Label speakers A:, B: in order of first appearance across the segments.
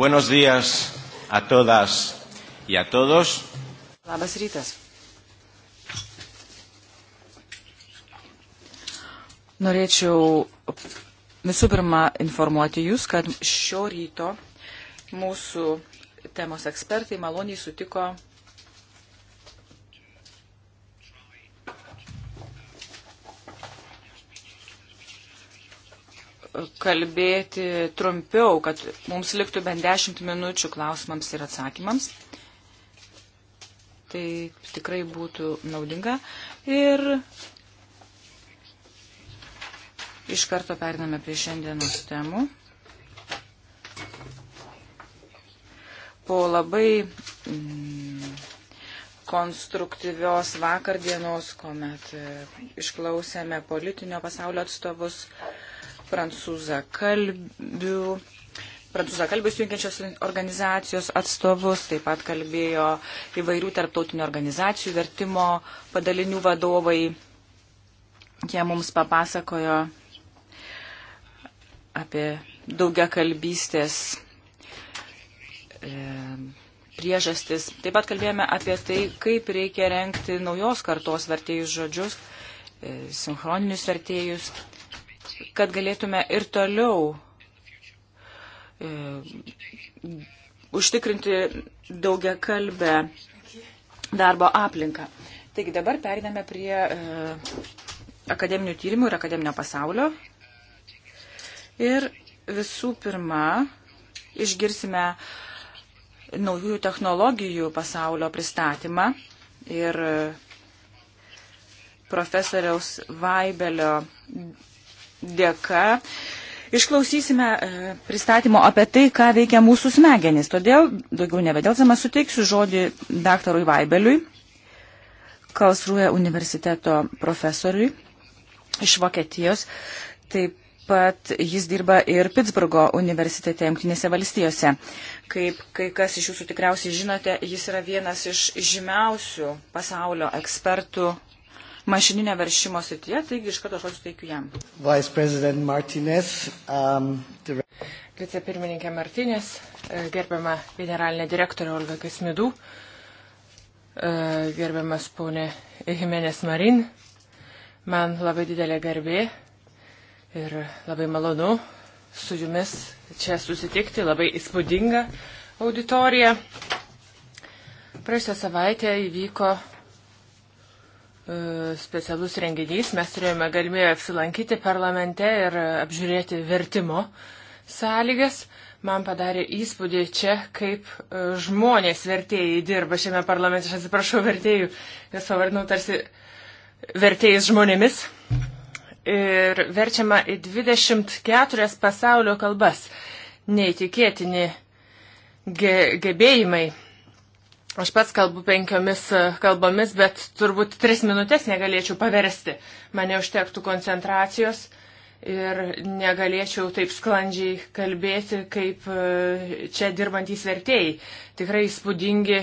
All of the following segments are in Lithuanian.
A: Buenos días a todas y a todos.
B: Labas rytas. Norėčiau visų pirma informuoti Jūs, kad šio ryto mūsų temos ekspertai maloniai sutiko kalbėti trumpiau, kad mums liktų bent 10 minučių klausimams ir atsakymams. Tai tikrai būtų naudinga. Ir iš karto periname prie šiandienos temų. Po labai mm, konstruktyvios vakardienos, kuomet e, išklausėme politinio pasaulio atstovus, mm, prancūzakalbių, prancūzakalbius jungiančios organizacijos atstovus, taip pat kalbėjo įvairių tarptautinių organizacijų vertimo padalinių vadovai. Jie mums papasakojo apie daugia kalbystės e, priežastis. Taip pat kalbėjome apie tai, kaip reikia renkti naujos kartos vertėjus žodžius, e, sinchroninius vertėjus kad galėtume ir toliau e, užtikrinti daugia kalbę darbo aplinką. Taigi dabar periname prie e, akademinių tyrimų ir akademinio pasaulio. Ir visų pirma, išgirsime naujųjų technologijų pasaulio pristatymą ir profesoriaus Vaibelio dėka išklausysime e, pristatymo apie tai, ką veikia mūsų smegenys. Todėl, daugiau nebedelsama, suteiksiu žodį daktarui Vaibeliui, Kalsrūje universiteto profesoriui iš Vokietijos. Taip pat jis dirba ir Pittsburgo universitete Junktinėse valstijose. Kaip kai kas iš jūsų tikriausiai žinote, jis yra vienas iš žymiausių pasaulio ekspertų mašininio veršimo srityje, taigi iš karto žodžiu teikiu jam.
A: Um, the...
B: Vicepirmininkė Martinės, e, gerbiama
C: generalinė direktorė Olga Kasmidų, e, gerbiamas ponė Jimenės Marin, man labai didelė garbė ir labai malonu su jumis čia susitikti, labai įspūdinga auditorija. Praėjusią savaitę įvyko E, specialus renginys. Mes turėjome galimybę apsilankyti parlamente ir apžiūrėti vertimo sąlygas. Man padarė įspūdį čia, kaip e, žmonės vertėjai dirba šiame parlamente. Aš atsiprašau vertėjų, nes pavadinau tarsi vertėjais žmonėmis. Ir verčiama į 24 pasaulio kalbas. Neįtikėtini ge gebėjimai Aš pats kalbu penkiomis kalbomis, bet turbūt tris minutės negalėčiau paversti. Mane užtektų koncentracijos ir negalėčiau taip sklandžiai kalbėti, kaip e, čia dirbantys vertėjai. Tikrai įspūdingi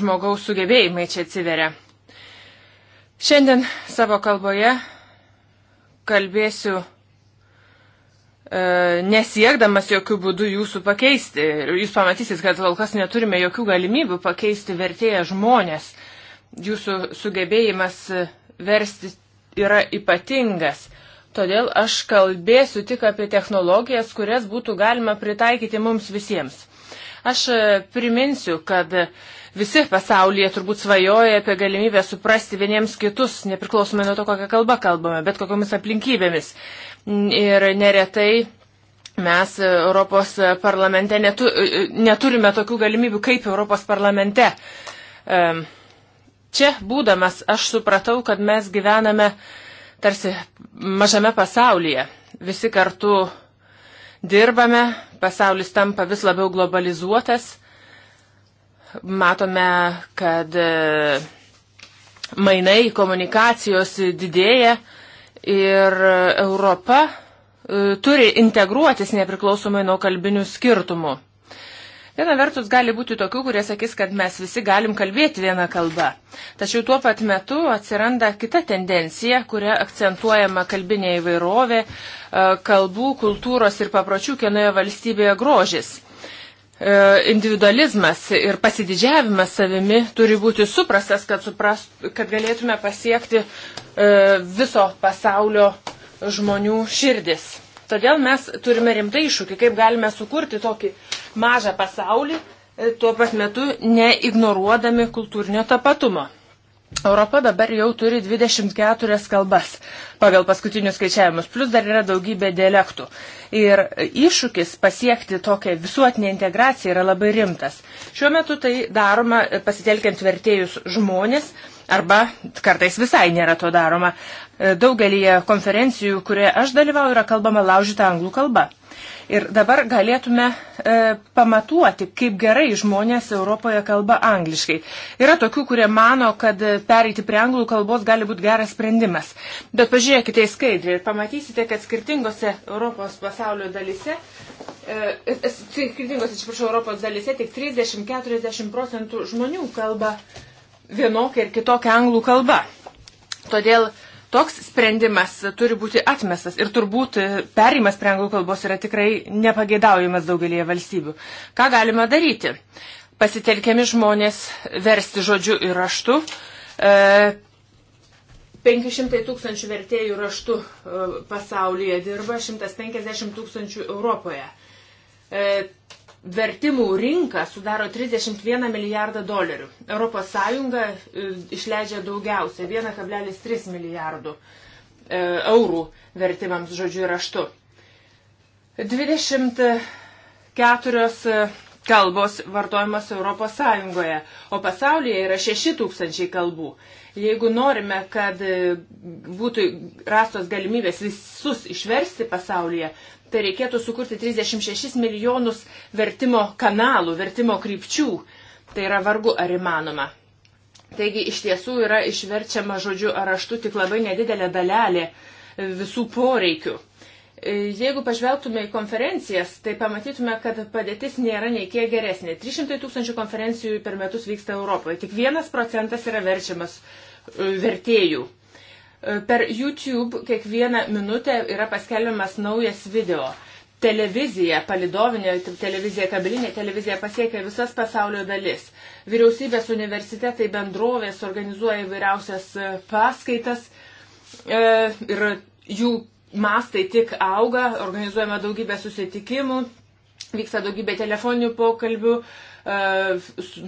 C: žmogaus sugebėjimai čia atsiveria. Šiandien savo kalboje kalbėsiu E, nesiekdamas jokių būdų jūsų pakeisti. Jūs pamatysit, kad kol kas neturime jokių galimybių pakeisti vertėją žmonės. Jūsų sugebėjimas versti yra ypatingas. Todėl aš kalbėsiu tik apie technologijas, kurias būtų galima pritaikyti mums visiems. Aš e, priminsiu, kad visi pasaulyje turbūt svajoja apie galimybę suprasti vieniems kitus, nepriklausomai nuo to, kokią kalbą kalbame, bet kokiamis aplinkybėmis. Ir neretai mes Europos parlamente netu, neturime tokių galimybių kaip Europos parlamente. Čia būdamas aš supratau, kad mes gyvename tarsi mažame pasaulyje. Visi kartu dirbame, pasaulis tampa vis labiau globalizuotas. Matome, kad e, mainai komunikacijos didėja Ir Europa e, turi integruotis nepriklausomai nuo kalbinių skirtumų. Viena vertus gali būti tokių, kurie sakys, kad mes visi galim kalbėti vieną kalbą. Tačiau tuo pat metu atsiranda kita tendencija, kuria akcentuojama kalbinė įvairovė, e, kalbų, kultūros ir papročių kienoje valstybėje grožis. E, individualizmas ir pasididžiavimas savimi turi būti suprastas, kad, suprast, kad galėtume pasiekti e, viso pasaulio žmonių širdis. Todėl mes turime rimtai iššūkį, kaip galime sukurti tokį mažą pasaulį, e, tuo pat metu neignoruodami kultūrinio tapatumo. Europa dabar jau turi 24 kalbas pagal paskutinius skaičiavimus, plus dar yra daugybė dialektų. Ir iššūkis pasiekti tokią visuotinę integraciją yra labai rimtas. Šiuo metu tai daroma e, pasitelkiant vertėjus žmonės arba kartais visai nėra to daroma. E, Daugelį konferencijų, kurioje aš dalyvauju, yra kalbama laužyta anglų kalba. Ir dabar galėtume e, pamatuoti, kaip gerai žmonės Europoje kalba angliškai. Yra tokių, kurie mano, kad pereiti prie anglų kalbos gali būti geras sprendimas. Bet pažiūrėkite į skaidrį ir pamatysite, kad skirtingose Europos pasaulio dalise, e, e, e, skirtingose, atsiprašau, Europos dalise tik 30-40 procentų žmonių kalba vienokia ir kitokia anglų kalba. Todėl e, Toks sprendimas turi būti atmestas ir turbūt perimas prie anglų kalbos yra tikrai nepageidaujamas daugelėje valstybių. Ką galima daryti? Pasitelkiami žmonės versti žodžiu ir raštu. E, 500 tūkstančių vertėjų raštu e, pasaulyje dirba, 150 tūkstančių Europoje. E, vertimų rinka sudaro 31 milijardą dolerių. ES e, išleidžia daugiausia - 1,3 milijardų e, eurų vertimams žodžiu ir raštu. 24 e, kalbos vartojamos ES, o pasaulyje yra 6000 kalbų. Jeigu norime, kad būtų rastos galimybės visus išversti pasaulyje, tai reikėtų sukurti 36 milijonus vertimo kanalų, vertimo krypčių. Tai yra vargu ar įmanoma. Taigi iš tiesų yra išverčiama žodžiu ar raštu tik labai nedidelė dalelė visų poreikių. E, jeigu pažvelgtume į konferencijas, tai pamatytume, kad padėtis nėra nei kiek geresnė. 300 tūkstančių konferencijų per metus vyksta Europoje. Tik vienas procentas yra verčiamas e, vertėjų. Per YouTube kiekvieną minutę yra paskelbiamas naujas video. Televizija, palidovinė televizija, kabelinė televizija pasiekia visas pasaulio dalis. Vyriausybės universitetai bendrovės organizuoja įvairiausias e, paskaitas e, ir jų mastai tik auga, organizuojama daugybė susitikimų, vyksta daugybė telefoninių pokalbių, E,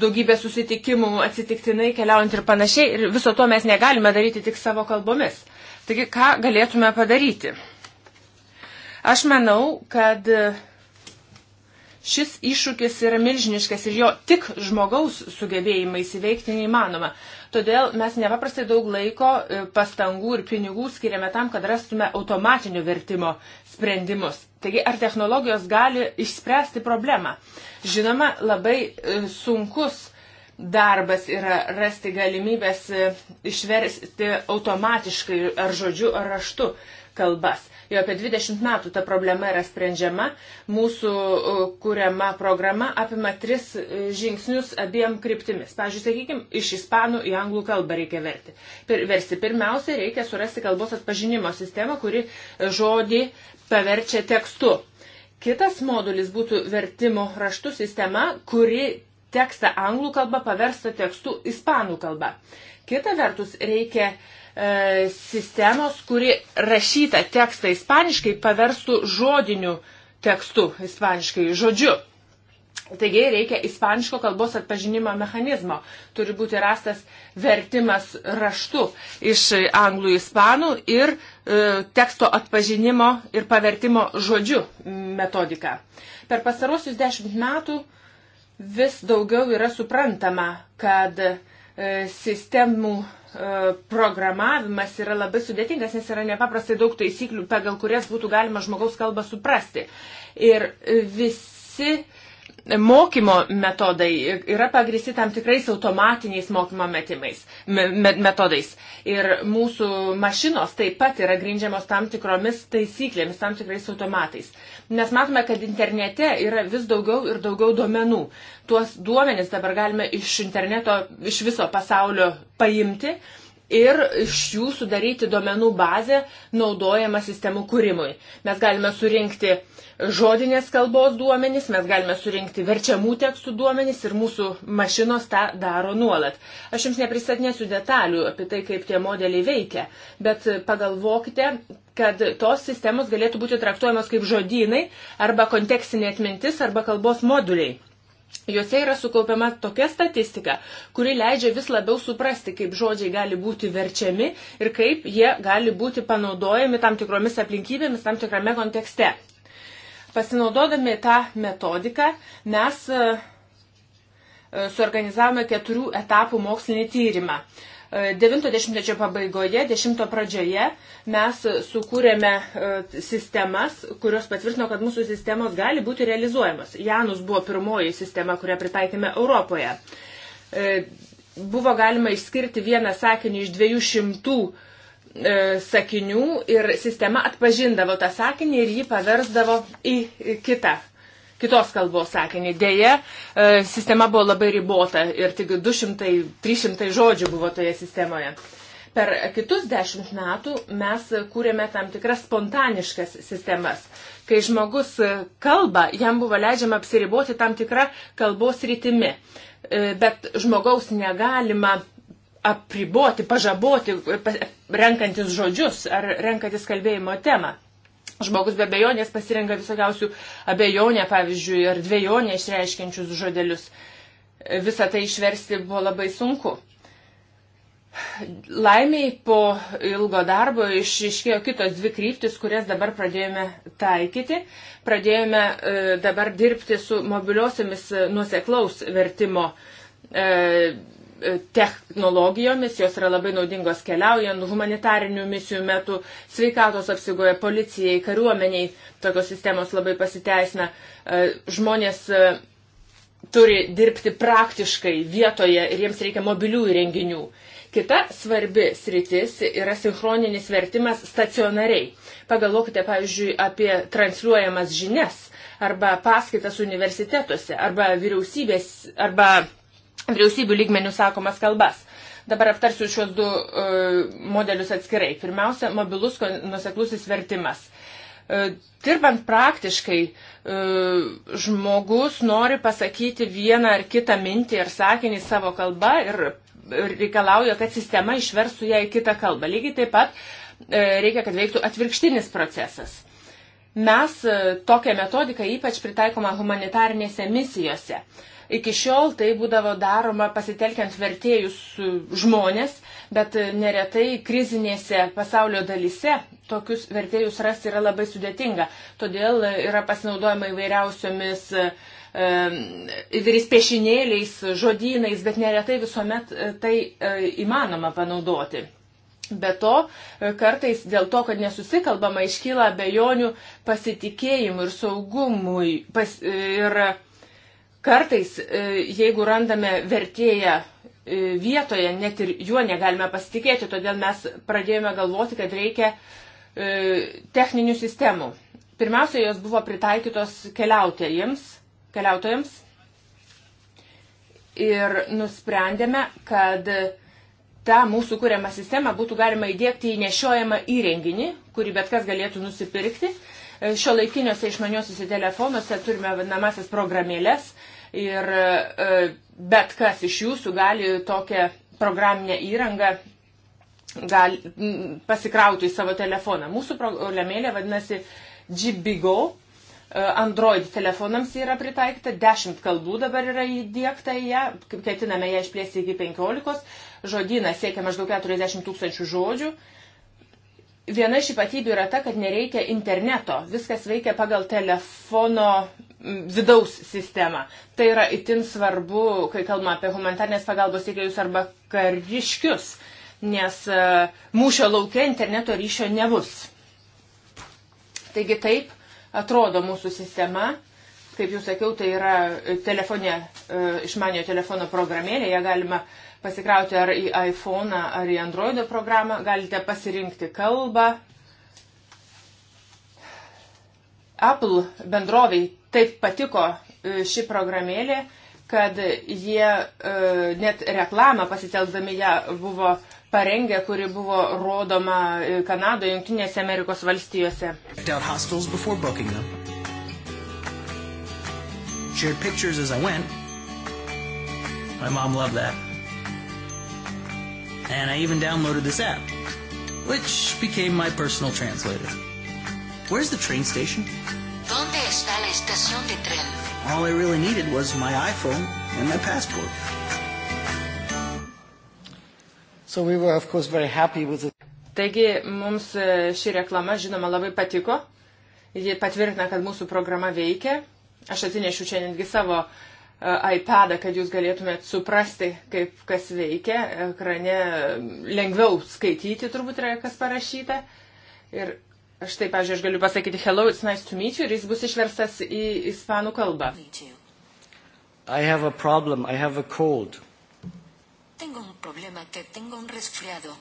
C: daugybė susitikimų atsitiktinai keliaujant ir panašiai. Ir viso to mes negalime daryti tik savo kalbomis. Taigi, ką galėtume padaryti? Aš manau, kad šis iššūkis yra milžiniškas ir jo tik žmogaus sugebėjimai įveikti neįmanoma. Todėl mes nepaprastai daug laiko, e, pastangų ir pinigų skiriame tam, kad rastume automatinio vertimo sprendimus. Taigi, ar technologijos gali išspręsti problemą? Žinoma, labai e, sunkus darbas yra rasti galimybės e, išversti automatiškai ar žodžiu, ar raštu kalbas. Jau apie 20 metų ta problema yra sprendžiama. Mūsų e, kuriama programa apima tris e, žingsnius abiem kryptimis. Pavyzdžiui, sakykime, iš ispanų į anglų kalbą reikia verti. Pir, versti. Pirmiausia, reikia surasti kalbos atpažinimo sistemą, kuri žodį paverčia tekstu. Kitas modulis būtų vertimo raštų sistema, kuri tekstą anglų kalbą paversta tekstu ispanų kalba. Kita vertus, reikia uh, E, sistemos, kuri rašytą tekstą ispaniškai paverstų žodiniu tekstu ispaniškai, žodžiu. Taigi reikia ispaniško kalbos atpažinimo mechanizmo. Turi būti rastas vertimas raštu iš anglų ispanų ir e, teksto atpažinimo ir pavertimo žodžiu metodika. Per pastarosius dešimt metų vis daugiau yra suprantama, kad e, sistemų E, programavimas yra labai sudėtingas, nes yra nepaprastai daug taisyklių, pagal kurias būtų galima žmogaus kalbą suprasti. Ir visi mokymo metodai yra pagristi tam tikrais automatiniais mokymo metimais, me, metodais. Ir mūsų mašinos taip pat yra grindžiamos tam tikromis taisyklėmis, tam tikrais automatais. Mes matome, kad internete yra vis daugiau ir daugiau duomenų. Tuos duomenis dabar galime iš interneto, iš viso pasaulio paimti ir iš jų sudaryti duomenų bazę naudojama sistemų kūrimui. Mes galime surinkti žodinės kalbos duomenys, mes galime surinkti verčiamų tekstų duomenys ir mūsų mašinos tą daro nuolat. Aš jums nepristatinėsiu detalių apie tai, kaip tie modeliai veikia, bet pagalvokite, kad tos sistemos galėtų būti traktuojamos kaip žodynai arba kontekstinė atmintis arba kalbos moduliai. Juose yra sukaupiama tokia statistika, kuri leidžia vis labiau suprasti, kaip žodžiai gali būti verčiami ir kaip jie gali būti panaudojami tam tikromis aplinkybėmis, tam tikrame kontekste. Pasinaudodami tą metodiką mes e, e, suorganizavome keturių etapų mokslinį tyrimą. 90-mečio pabaigoje, 10 pradžioje mes sukūrėme e, sistemas, kurios patvirtino, kad mūsų sistemos gali būti realizuojamos. Janus buvo pirmoji sistema, kurią pritaikėme Europoje. E, buvo galima išskirti vieną sakinį iš 200 e, sakinių ir sistema atpažindavo tą sakinį ir jį paversdavo į kitą kitos kalbos sakinį. Deja, e, sistema buvo labai ribota ir tik 200-300 žodžių buvo toje sistemoje. Per kitus dešimt metų mes kūrėme tam tikras spontaniškas sistemas. Kai žmogus kalba, jam buvo leidžiama apsiriboti tam tikrą kalbos rytimi. E, bet žmogaus negalima apriboti, pažaboti, renkantis žodžius ar renkantis kalbėjimo temą. Žmogus be abejonės pasirenka visokiausių abejonę, pavyzdžiui, ar dviejonę išreiškiančius žodelius. Visą tai išversti buvo labai sunku. Laimiai po ilgo darbo išiškėjo kitos dvi kryptis, kurias dabar pradėjome taikyti. Pradėjome e, dabar dirbti su mobiliosiamis nuoseklaus vertimo e, E, technologijomis, jos yra labai naudingos keliaujant, humanitarinių misijų metu, sveikatos apsigoje, policijai, kariuomeniai, tokios sistemos labai pasiteisina. E, žmonės e, turi dirbti praktiškai vietoje ir jiems reikia mobilių įrenginių. Kita svarbi sritis yra sinchroninis vertimas stacionariai. Pagalvokite, pavyzdžiui, apie transliuojamas žinias arba paskaitas universitetuose arba vyriausybės arba vyriausybių lygmenių sakomas kalbas. Dabar aptarsiu šios du uh, modelius atskirai. Pirmiausia, mobilus nuseklusis vertimas. Uh, dirbant praktiškai, uh, žmogus nori pasakyti vieną ar kitą mintį ar sakinį savo kalbą ir reikalauja, kad sistema išversų ją į kitą kalbą. Lygiai taip pat reikia, kad veiktų atvirkštinis procesas Mes e, tokią metodiką ypač pritaikoma humanitarnėse misijose. Iki šiol tai būdavo daroma pasitelkiant vertėjus e, žmonės, bet e, neretai krizinėse pasaulio dalise tokius vertėjus rasti yra labai sudėtinga. Todėl yra pasinaudojama įvairiausiomis įvairiais piešinėliais, žodynais, bet neretai visuomet tai įmanoma panaudoti. Be to, e, kartais dėl to, kad nesusikalbama, iškyla abejonių pasitikėjimui ir saugumui. Pas, e, ir kartais, e, jeigu randame vertėją vietoje, net ir juo negalime pasitikėti, todėl mes pradėjome galvoti, kad reikia techninių sistemų. Pirmiausia, jos buvo pritaikytos keliautojams. keliautojams ir nusprendėme, kad tą mūsų kuriamą sistemą būtų galima įdėkti į nešiojamą įrenginį, kurį bet kas galėtų nusipirkti. E, Šio laikiniuose išmaniosiuose telefonuose turime vadinamasis programėlės ir e, bet kas iš jūsų gali tokią programinę įrangą gali pasikrauti į savo telefoną. Mūsų programėlė vadinasi GBGO. E, Android telefonams yra pritaikyta, 10 kalbų dabar yra įdėkta į ją, ketiname ją išplėsti iki 15 žodynas siekia maždaug 40 tūkstančių žodžių. Viena iš ypatybių yra ta, kad nereikia interneto, viskas veikia pagal telefono vidaus sistemą. Tai yra itin svarbu, kai kalbame apie humanitarnės pagalbos teikėjus arba kariškius, nes e, mūšio laukia interneto ryšio nebus. Taigi taip atrodo mūsų sistema kaip jau sakiau, tai yra telefonė, e, išmanio telefono programėlė, ją galima pasikrauti ar į iPhone, ar į Android programą, galite pasirinkti kalbą. Apple bendroviai taip patiko e, ši programėlė, kad jie e, net reklamą pasitelkdami ją buvo parengę, kuri buvo rodoma e, Kanadoje, Junktinėse Amerikos valstijose.
B: Shared pictures as I went.
A: My mom loved that and I even downloaded this app, which became my personal translator. Where's the train station? ¿Dónde está la estación de tren? All I really needed was my iPhone and my passport. So we were, of course, very happy with it.
C: Taigi mums e, ši reklama, žinoma, labai patiko. Ji patvirtina, kad mūsų programa veikia. Aš atsinešiu čia netgi savo uh, E, iPadą, kad jūs galėtumėt suprasti, kaip kas veikia. Ekrane lengviau skaityti turbūt yra, kas parašyta. Ir aš taip, pažiūrėjau, aš galiu pasakyti hello, it's nice to meet you ir jis bus išverstas į ispanų kalbą.
A: I have a problem, I have a cold.
B: Tengo un problema, que tengo un resfriado.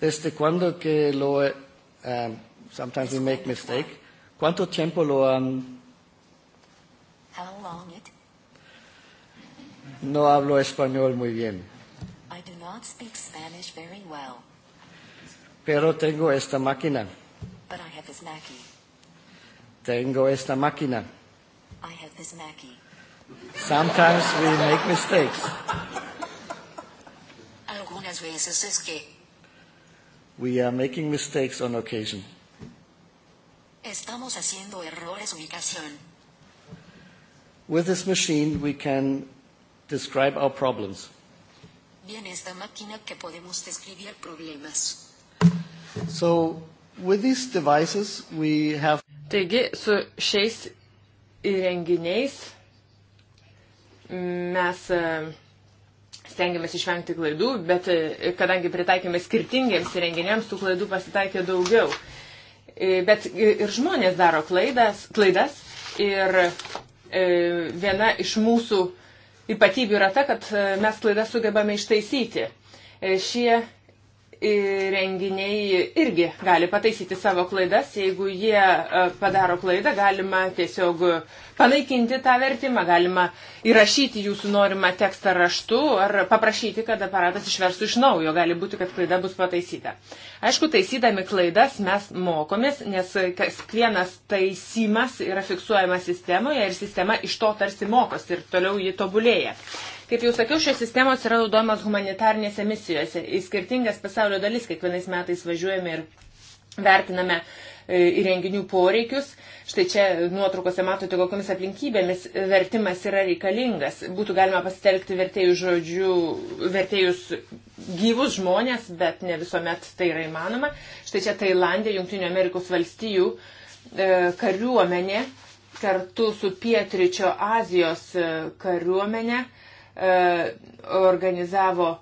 A: Desde cuando que lo, um, sometimes we make mistake, ¿cuánto tiempo lo han... Um, How long it no hablo español muy bien. I do not speak Spanish very well. Pero tengo esta máquina. But I have this Mackie. Tengo esta máquina. I have this Mackie. Sometimes we make mistakes. Algunas veces es que. We are making mistakes on occasion. Estamos haciendo errores ubicación. With this machine, we can describe our problems. Bien, esta máquina que podemos describir problemas. So, with these devices we have
C: Taigi, su šiais įrenginiais mes e, stengiamės išvengti klaidų, bet e, kadangi pritaikėme skirtingiems įrenginiams, tų klaidų pasitaikė daugiau. E, bet ir žmonės daro klaidas, klaidas ir viena iš mūsų ypatybių yra ta, kad e, mes klaidas sugebame ištaisyti. E, šie renginiai irgi gali pataisyti savo klaidas. Jeigu jie e, padaro klaidą, galima tiesiog panaikinti tą vertimą, galima įrašyti jūsų norimą tekstą raštu ar paprašyti, kad aparatas išverstų iš naujo. Gali būti, kad klaida bus pataisyta. Aišku, taisydami klaidas mes mokomės, nes kiekvienas taisimas yra fiksuojamas sistemoje ir sistema iš to tarsi mokosi ir toliau jį tobulėja. Kaip jau sakiau, šios sistemos yra naudojamos humanitarnėse misijose. Į skirtingas pasaulio dalis kiekvienais metais važiuojame ir vertiname e, įrenginių poreikius. Štai čia nuotraukose matote, kokiamis aplinkybėmis vertimas yra reikalingas. Būtų galima pasitelkti vertėjų žodžių, vertėjus gyvus žmonės, bet ne visuomet tai yra įmanoma. Štai čia Tailandė, Junktinių Amerikos valstijų e, kariuomenė kartu su Pietričio Azijos e, kariuomenė E, organizavo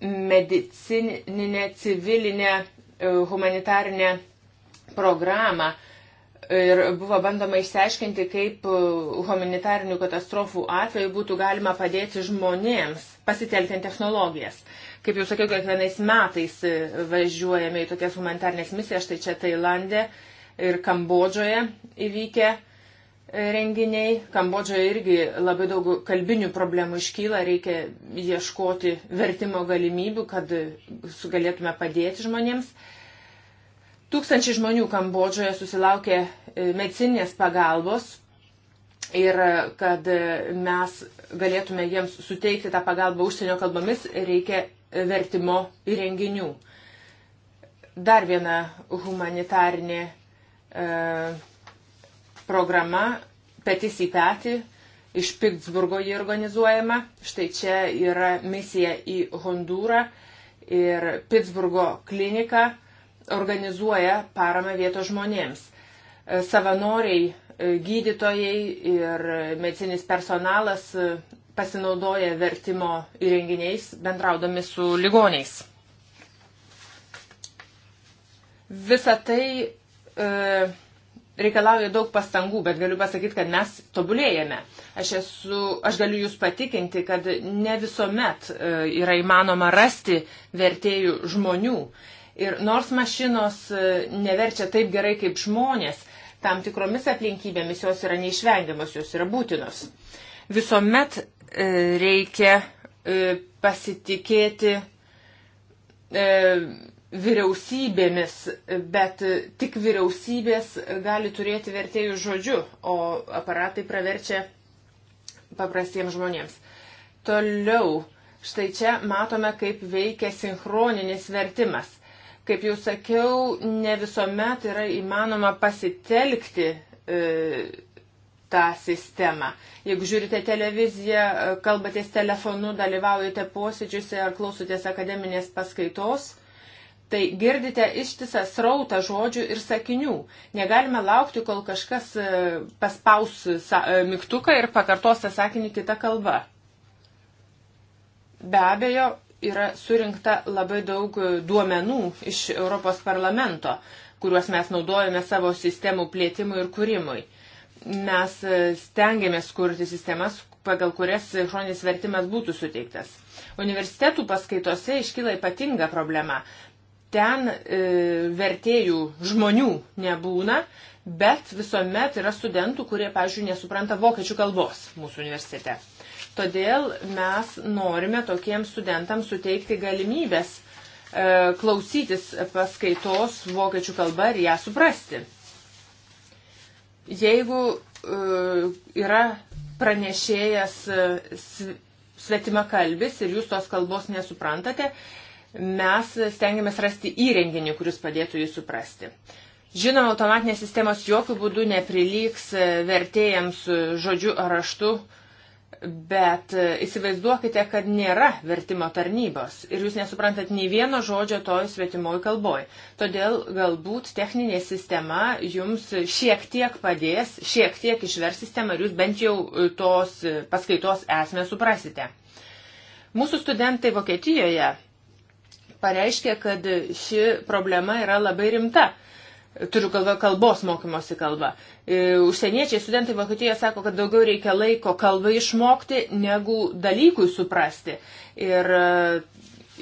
C: medicininę, civilinę, e, humanitarinę programą ir buvo bandoma išsiaiškinti, kaip e, humanitarinių katastrofų atveju būtų galima padėti žmonėms, pasitelkiant technologijas. Kaip jau sakiau, kiekvienais metais važiuojame į tokias humanitarnės misijas, štai čia Tailandė ir Kambodžoje įvykę uh, renginiai. Kambodžoje irgi labai daug kalbinių problemų iškyla, reikia ieškoti vertimo galimybių, kad galėtume padėti žmonėms. Tūkstančiai žmonių Kambodžoje susilaukė e, medicinės pagalbos ir e, kad e, mes galėtume jiems suteikti tą pagalbą užsienio kalbomis, reikia vertimo įrenginių. Dar viena humanitarinė. E, programa Petis į petį iš Pittsburgo jį organizuojama. Štai čia yra misija į Hondūrą ir Pittsburgo klinika organizuoja paramą vietos žmonėms. E, savanoriai, e, gydytojai ir medicinis personalas e, pasinaudoja vertimo įrenginiais bendraudami su ligoniais. Visa tai e, reikalauja daug pastangų, bet galiu pasakyti, kad mes tobulėjame. Aš, esu, aš galiu Jūs patikinti, kad ne visuomet e, yra įmanoma rasti vertėjų žmonių. Ir nors mašinos e, neverčia taip gerai kaip žmonės, tam tikromis aplinkybėmis jos yra neišvengiamos, jos yra būtinos. Visuomet e, reikia pasitikėti vyriausybėmis, bet tik vyriausybės gali turėti vertėjų žodžiu, o aparatai praverčia paprastiems žmonėms. Toliau, štai čia matome, kaip veikia sinchroninis vertimas. Kaip jau sakiau, ne visuomet yra įmanoma pasitelkti e, tą sistemą. Jeigu žiūrite televiziją, kalbatės telefonu, dalyvaujate posėdžiuose ar klausotės akademinės paskaitos, Tai girdite ištisą srautą žodžių ir sakinių. Negalime laukti, kol kažkas e, paspaus e, mygtuką ir pakartos tą sakinį kitą kalbą. Be abejo, yra surinkta labai daug e, duomenų iš Europos parlamento, kuriuos mes naudojame savo sistemų plėtimui ir kūrimui. Mes stengiamės kurti sistemas, pagal kurias žodis vertimas būtų suteiktas. Universitetų paskaitose iškyla ypatinga problema ten e, vertėjų žmonių nebūna, bet visuomet yra studentų, kurie, pavyzdžiui, nesupranta vokiečių kalbos mūsų universitete. Todėl mes norime tokiems studentams suteikti galimybės e, klausytis paskaitos vokiečių kalba ir ją suprasti. Jeigu e, yra pranešėjas e, svetima kalbis ir jūs tos kalbos nesuprantate, e, mes stengiamės rasti įrenginį, kuris padėtų jį suprasti. Žinoma, automatinės sistemos jokių būdų neprilygs vertėjams žodžiu ar raštu, bet įsivaizduokite, kad nėra vertimo tarnybos ir jūs nesuprantat nei vieno žodžio toj svetimoj kalboj. Todėl galbūt techninė sistema jums šiek tiek padės, šiek tiek išvers sistemą ir jūs bent jau tos paskaitos esmę suprasite. Mūsų studentai Vokietijoje pareiškė, kad ši problema yra labai rimta. Turiu galvoje kalbos mokymosi kalbą. E, užsieniečiai studentai Vokietijoje sako, kad daugiau reikia laiko kalbai išmokti, negu dalykui suprasti. Ir e,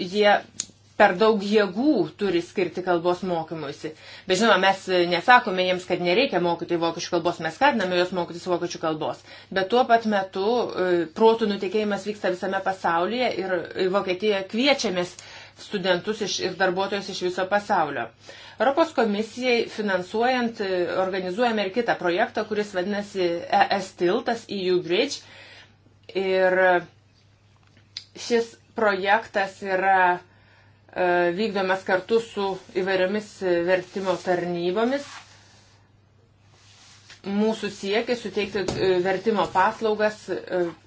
C: jie per daug jėgų turi skirti kalbos mokymuisi. Bet žinoma, mes nesakome jiems, kad nereikia mokyti vokiečių kalbos, mes skatiname juos mokytis vokiečių kalbos. Bet tuo pat metu e, protų nutikėjimas vyksta visame pasaulyje ir Vokietijoje kviečiamės studentus iš, ir darbuotojus iš viso pasaulio. Europos komisijai finansuojant e, organizuojame ir kitą projektą, kuris vadinasi ES tiltas EU Bridge. Ir e, šis projektas yra e, vykdomas kartu su įvairiomis vertimo tarnybomis. Mūsų siekia suteikti vertimo paslaugas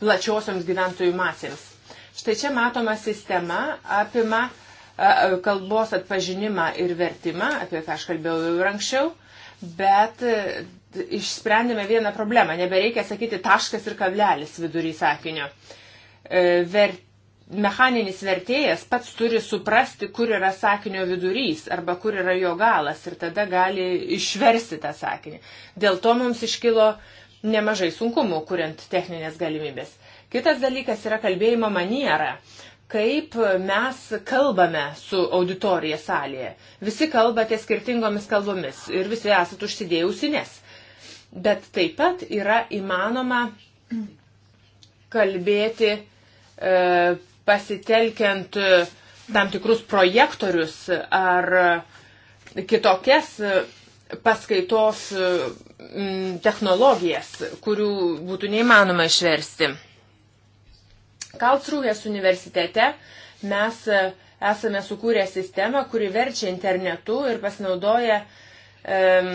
C: plačiosioms gyventojų masėms. Štai čia matoma sistema apima kalbos atpažinimą ir vertimą, apie ką aš kalbėjau jau ir anksčiau, bet e, išsprendėme vieną problemą. Nebereikia sakyti taškas ir kablelis vidury sakinio. E, ver, mechaninis vertėjas pats turi suprasti, kur yra sakinio vidurys arba kur yra jo galas ir tada gali išversti tą sakinį. Dėl to mums iškilo nemažai sunkumų, kuriant techninės galimybės. Kitas dalykas yra kalbėjimo maniera. Kaip mes kalbame su auditorija salėje. Visi kalbate skirtingomis kalbomis ir visi esat užsidėję ausines. Bet taip pat yra įmanoma kalbėti e, pasitelkiant e, tam tikrus projektorius ar e, kitokias e, paskaitos technologijas, kurių būtų neįmanoma išversti. Kaltrūvės universitete mes e, esame sukūrę sistemą, kuri verčia internetu ir pasinaudoja um,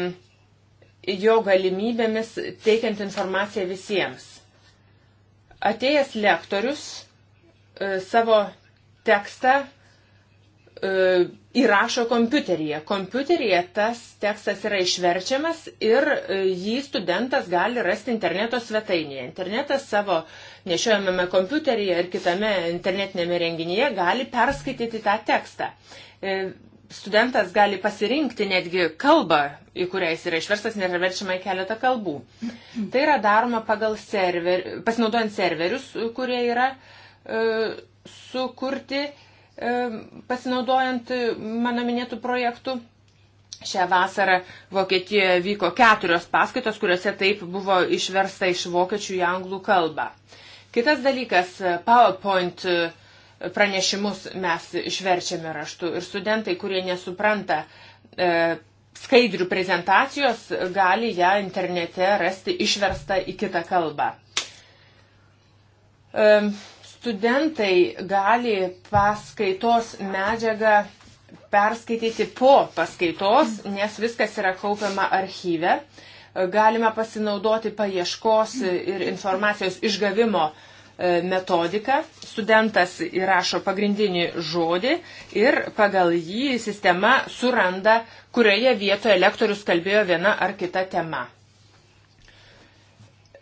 C: jo galimybėmis teikiant informaciją visiems. Atėjęs lektorius e, savo tekstą e, įrašo kompiuteryje. Kompiuteryje tas tekstas yra išverčiamas ir e, jį studentas gali rasti interneto svetainėje. Internetas savo nešiojamame kompiuteryje ir kitame internetinėme renginyje gali perskaityti tą tekstą. E, studentas gali pasirinkti netgi kalbą, į kurią jis yra išverstas, nėra verčiama į keletą kalbų. Tai yra daroma pagal server, pasinaudojant serverius, kurie yra e, sukurti pasinaudojant mano minėtų projektų. Šią vasarą Vokietijoje vyko keturios paskaitos, kuriuose taip buvo išversta iš vokiečių į anglų kalbą. Kitas dalykas - PowerPoint pranešimus mes išverčiame raštu ir studentai, kurie nesupranta e, skaidrių prezentacijos, gali ją internete rasti išverstą į kitą kalbą. E, studentai gali paskaitos medžiagą perskaityti po paskaitos, nes viskas yra kaupiama archyve. Galime pasinaudoti paieškos ir informacijos išgavimo e, metodiką. Studentas įrašo pagrindinį žodį ir pagal jį sistema suranda, kurioje vietoje lektorius kalbėjo viena ar kita tema.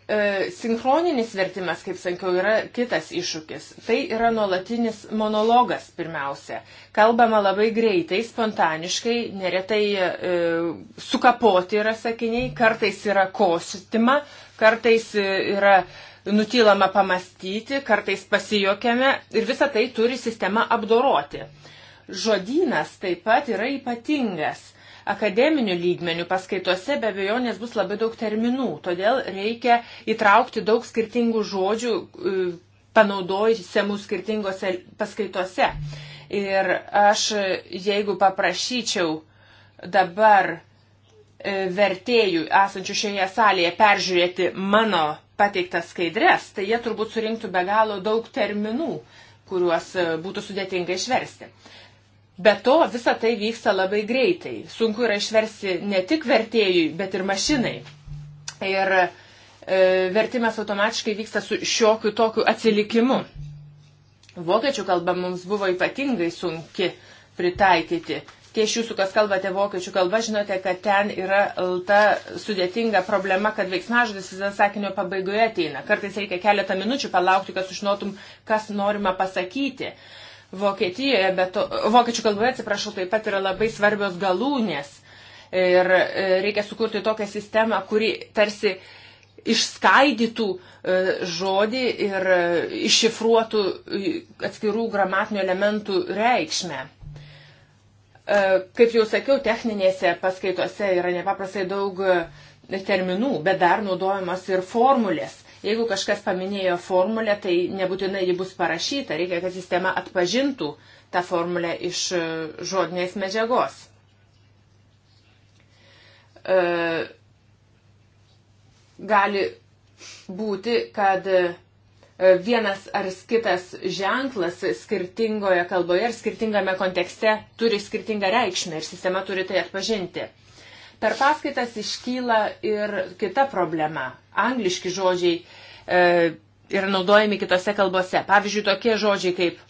C: E, sinchroninis vertimas, kaip sakiau, yra kitas iššūkis. Tai yra nuolatinis monologas pirmiausia. Kalbama labai greitai, spontaniškai, neretai e, sukapoti yra sakiniai, kartais yra kostima, kartais e, yra nutylama pamastyti, kartais pasijokiame ir visą tai turi sistema apdoroti. Žodynas taip pat yra ypatingas Akademinių lygmenių paskaitose be abejonės bus labai daug terminų, todėl reikia įtraukti daug skirtingų žodžių e, panaudojisemų skirtingose paskaitose. Ir aš, jeigu paprašyčiau dabar e, vertėjų esančių šioje salėje peržiūrėti mano pateiktas skaidres, tai jie turbūt surinktų be galo daug terminų, kuriuos e, būtų sudėtinga išversti. Be to, visa tai vyksta labai greitai. Sunku yra išversi ne tik vertėjui, bet ir mašinai. Ir e, vertimas automatiškai vyksta su šiokiu tokiu atsilikimu. Vokiečių kalba mums buvo ypatingai sunki pritaikyti. Tie iš jūsų, kas kalbate vokiečių kalba, žinote, kad ten yra ta sudėtinga problema, kad veiksmažodis visą sakinio pabaigoje ateina. Kartais reikia keletą minučių palaukti, kad sužinotum, kas norima pasakyti. Uh, Vokietijoje, bet to, vokiečių kalboje, atsiprašau, taip pat yra labai svarbios galūnės. Ir e, reikia sukurti tokią sistemą, kuri tarsi išskaidytų e, žodį ir e, iššifruotų atskirų gramatinių elementų reikšmę. Kaip jau sakiau, techninėse paskaitose yra nepaprastai daug terminų, bet dar naudojamos ir formulės. Jeigu kažkas paminėjo formulę, tai nebūtinai ji bus parašyta, reikia, kad sistema atpažintų tą formulę iš e, žodinės medžiagos. E, gali būti, kad e, vienas ar kitas ženklas skirtingoje kalboje ar skirtingame kontekste turi skirtingą reikšmę ir sistema turi tai atpažinti. Per paskaitas iškyla ir kita problema angliški žodžiai e, yra naudojami kitose kalbose. Pavyzdžiui, tokie žodžiai kaip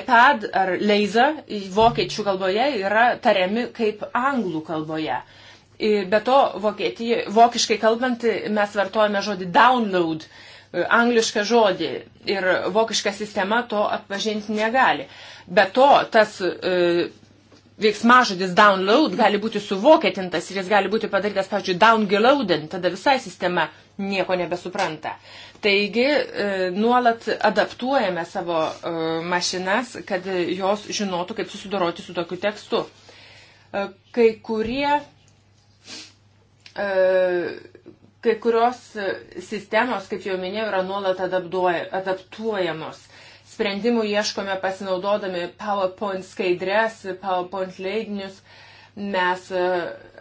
C: iPad ar laser vokiečių kalboje yra tariami kaip anglų kalboje. Be to, vokietijai, vokiškai kalbant, mes vartojame žodį download, e, anglišką žodį ir vokiška sistema to atpažinti negali. Be to, tas e, veiksmažodis download gali būti suvokietintas ir jis gali būti padarytas, pavyzdžiui, downloaded, tada visai sistema nieko nebesupranta. Taigi e, nuolat adaptuojame savo e, mašinas, kad jos žinotų, kaip susidoroti su tokiu tekstu. E, kai kurie, kai kurios sistemos, kaip jau minėjau, yra nuolat adaptuojamos Sprendimų ieškome pasinaudodami PowerPoint skaidres, PowerPoint leidinius. Mes e,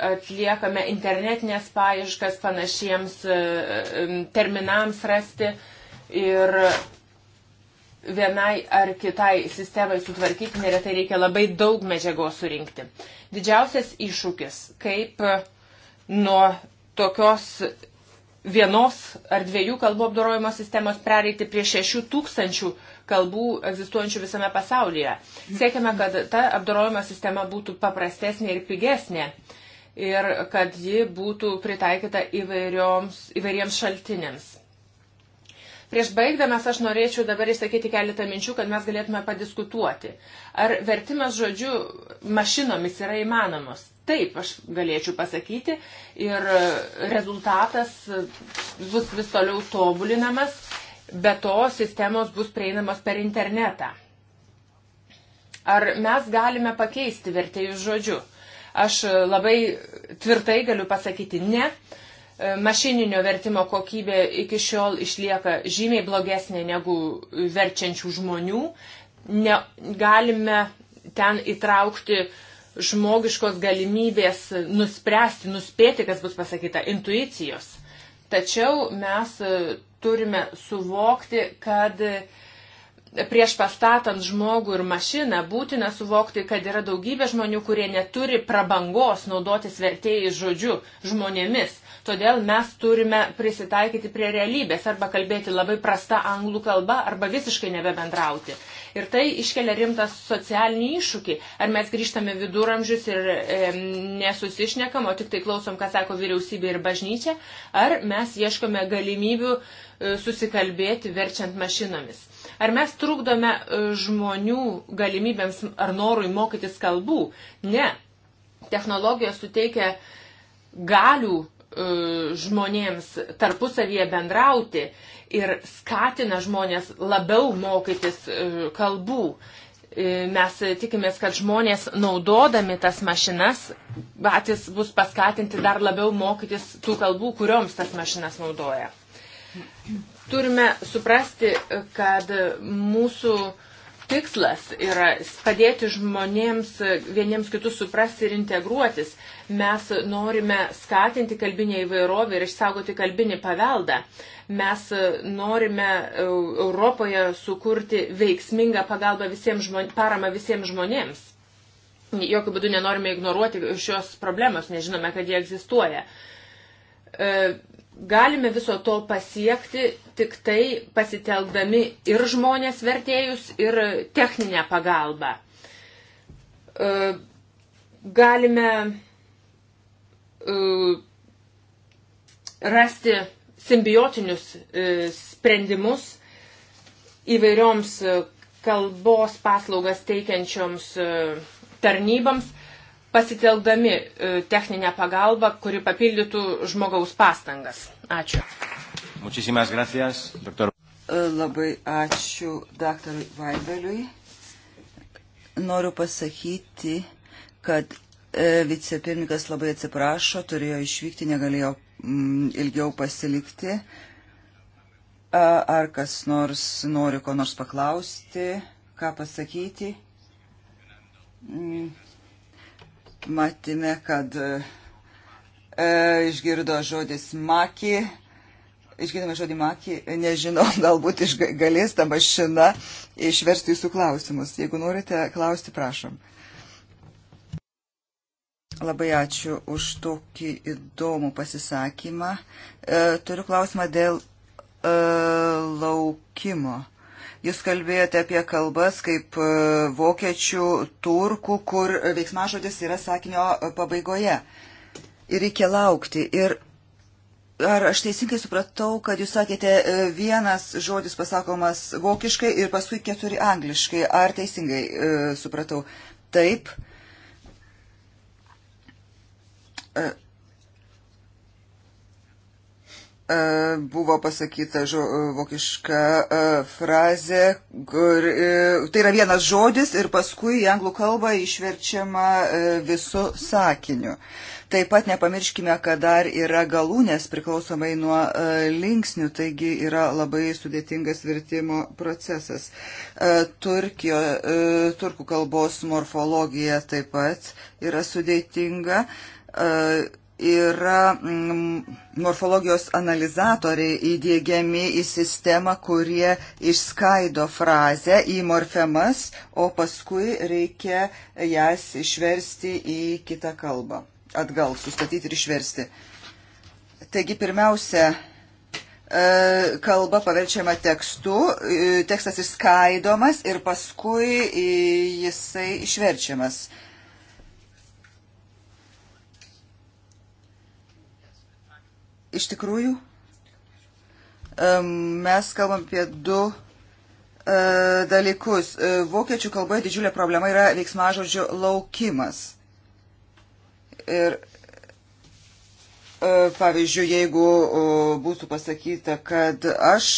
C: atliekame internetinės paieškas panašiems e, e, terminams rasti ir vienai ar kitai sistemai sutvarkyti neretai reikia labai daug medžiagos surinkti. Didžiausias iššūkis, kaip nuo tokios vienos ar dviejų kalbų apdorojimo sistemos pereiti prie šešių tūkstančių kalbų egzistuojančių visame pasaulyje. Siekiame, kad ta apdorojimo sistema būtų paprastesnė ir pigesnė ir kad ji būtų pritaikyta įvairiems šaltinėms. Prieš baigdamas aš norėčiau dabar išsakyti keletą minčių, kad mes galėtume padiskutuoti. Ar vertimas žodžiu mašinomis yra įmanomas? Taip, aš galėčiau pasakyti. Ir rezultatas bus vis toliau tobulinamas. Be to, sistemos bus prieinamos per internetą. Ar mes galime pakeisti vertėjus žodžiu? Aš labai tvirtai galiu pasakyti ne. Mašininio vertimo kokybė iki šiol išlieka žymiai blogesnė negu verčiančių žmonių. Ne, galime ten įtraukti žmogiškos galimybės nuspręsti, nuspėti, kas bus pasakyta, intuicijos. Tačiau mes turime suvokti, kad prieš pastatant žmogų ir mašiną būtina suvokti, kad yra daugybė žmonių, kurie neturi prabangos naudotis vertėjai žodžiu žmonėmis. Todėl mes turime prisitaikyti prie realybės arba kalbėti labai prasta anglų kalba arba visiškai nebebendrauti. Ir tai iškelia rimtą socialinį iššūkį. Ar mes grįžtame viduramžius ir e, nesusišnekam, o tik tai klausom, ką sako vyriausybė ir bažnyčia, ar mes ieškome galimybių e, susikalbėti verčiant mašinomis. Ar mes trukdome e, žmonių galimybėms ar norui mokytis kalbų? Ne. Technologijos suteikia galių E, žmonėms tarpusavyje bendrauti ir skatina žmonės labiau mokytis e, kalbų. E, mes tikimės, kad žmonės naudodami tas mašinas patys bus paskatinti dar labiau mokytis tų kalbų, kurioms tas mašinas naudoja. Turime suprasti, kad mūsų uh, tikslas yra padėti žmonėms vieniems kitus suprasti ir integruotis. Mes norime skatinti kalbinę įvairovę ir išsaugoti kalbinį paveldą. Mes norime Europoje sukurti veiksmingą pagalbą visiems žmonėms, paramą visiems žmonėms. Jokių būdų nenorime ignoruoti šios problemos, nežinome, kad jie egzistuoja e, Galime viso to pasiekti tik tai pasitelkdami ir žmonės vertėjus, ir techninę pagalbą. E, galime e, rasti simbiotinius e, sprendimus įvairioms kalbos paslaugas teikiančioms tarnyboms pasitelkdami e, techninę pagalbą, kuri papildytų žmogaus
A: pastangas. Ačiū. Muchísimas gracias, doktor. E, labai ačiū daktarui Vaibeliui. Noriu pasakyti, kad e, vicepirmininkas labai atsiprašo, turėjo išvykti, negalėjo mm, ilgiau pasilikti. Ar kas nors nori ko nors paklausti, ką pasakyti? Mm matėme, kad e, e, išgirdo žodis maki, išgirdome žodį maki, nežinau, galbūt iš, galės ta mašina išversti jūsų klausimus. Jeigu norite klausti, prašom. Labai ačiū už tokį įdomų pasisakymą. E, turiu klausimą dėl e, laukimo. Jūs kalbėjote apie kalbas kaip e, vokiečių, turkų, kur veiksmažodis yra sakinio pabaigoje. Ir reikia laukti. Ir ar aš teisingai supratau, kad jūs sakėte e, vienas žodis pasakomas vokiškai ir paskui keturi angliškai. Ar teisingai e, supratau? Taip. E, E, buvo pasakyta žo, e, vokiška e, frazė, kur, tai yra vienas žodis ir paskui į anglų kalbą išverčiama visu sakiniu. Taip pat nepamirškime, kad dar yra galūnės priklausomai nuo linksnių, taigi yra labai sudėtingas vertimo procesas. Turkijo, turkų kalbos morfologija taip pat yra sudėtinga yra mm, morfologijos analizatoriai įdėgiami į sistemą, kurie išskaido frazę į morfemas, o paskui reikia jas išversti į kitą kalbą. Atgal, sustatyti ir išversti. Taigi pirmiausia, e, kalba paverčiama tekstu, e, tekstas išskaidomas ir paskui e, jisai išverčiamas Iš tikrųjų, mes kalbam apie du e, dalykus. E, vokiečių kalboje didžiulė problema yra veiksmažodžio laukimas. Ir e, pavyzdžiui, jeigu būtų pasakyta, kad aš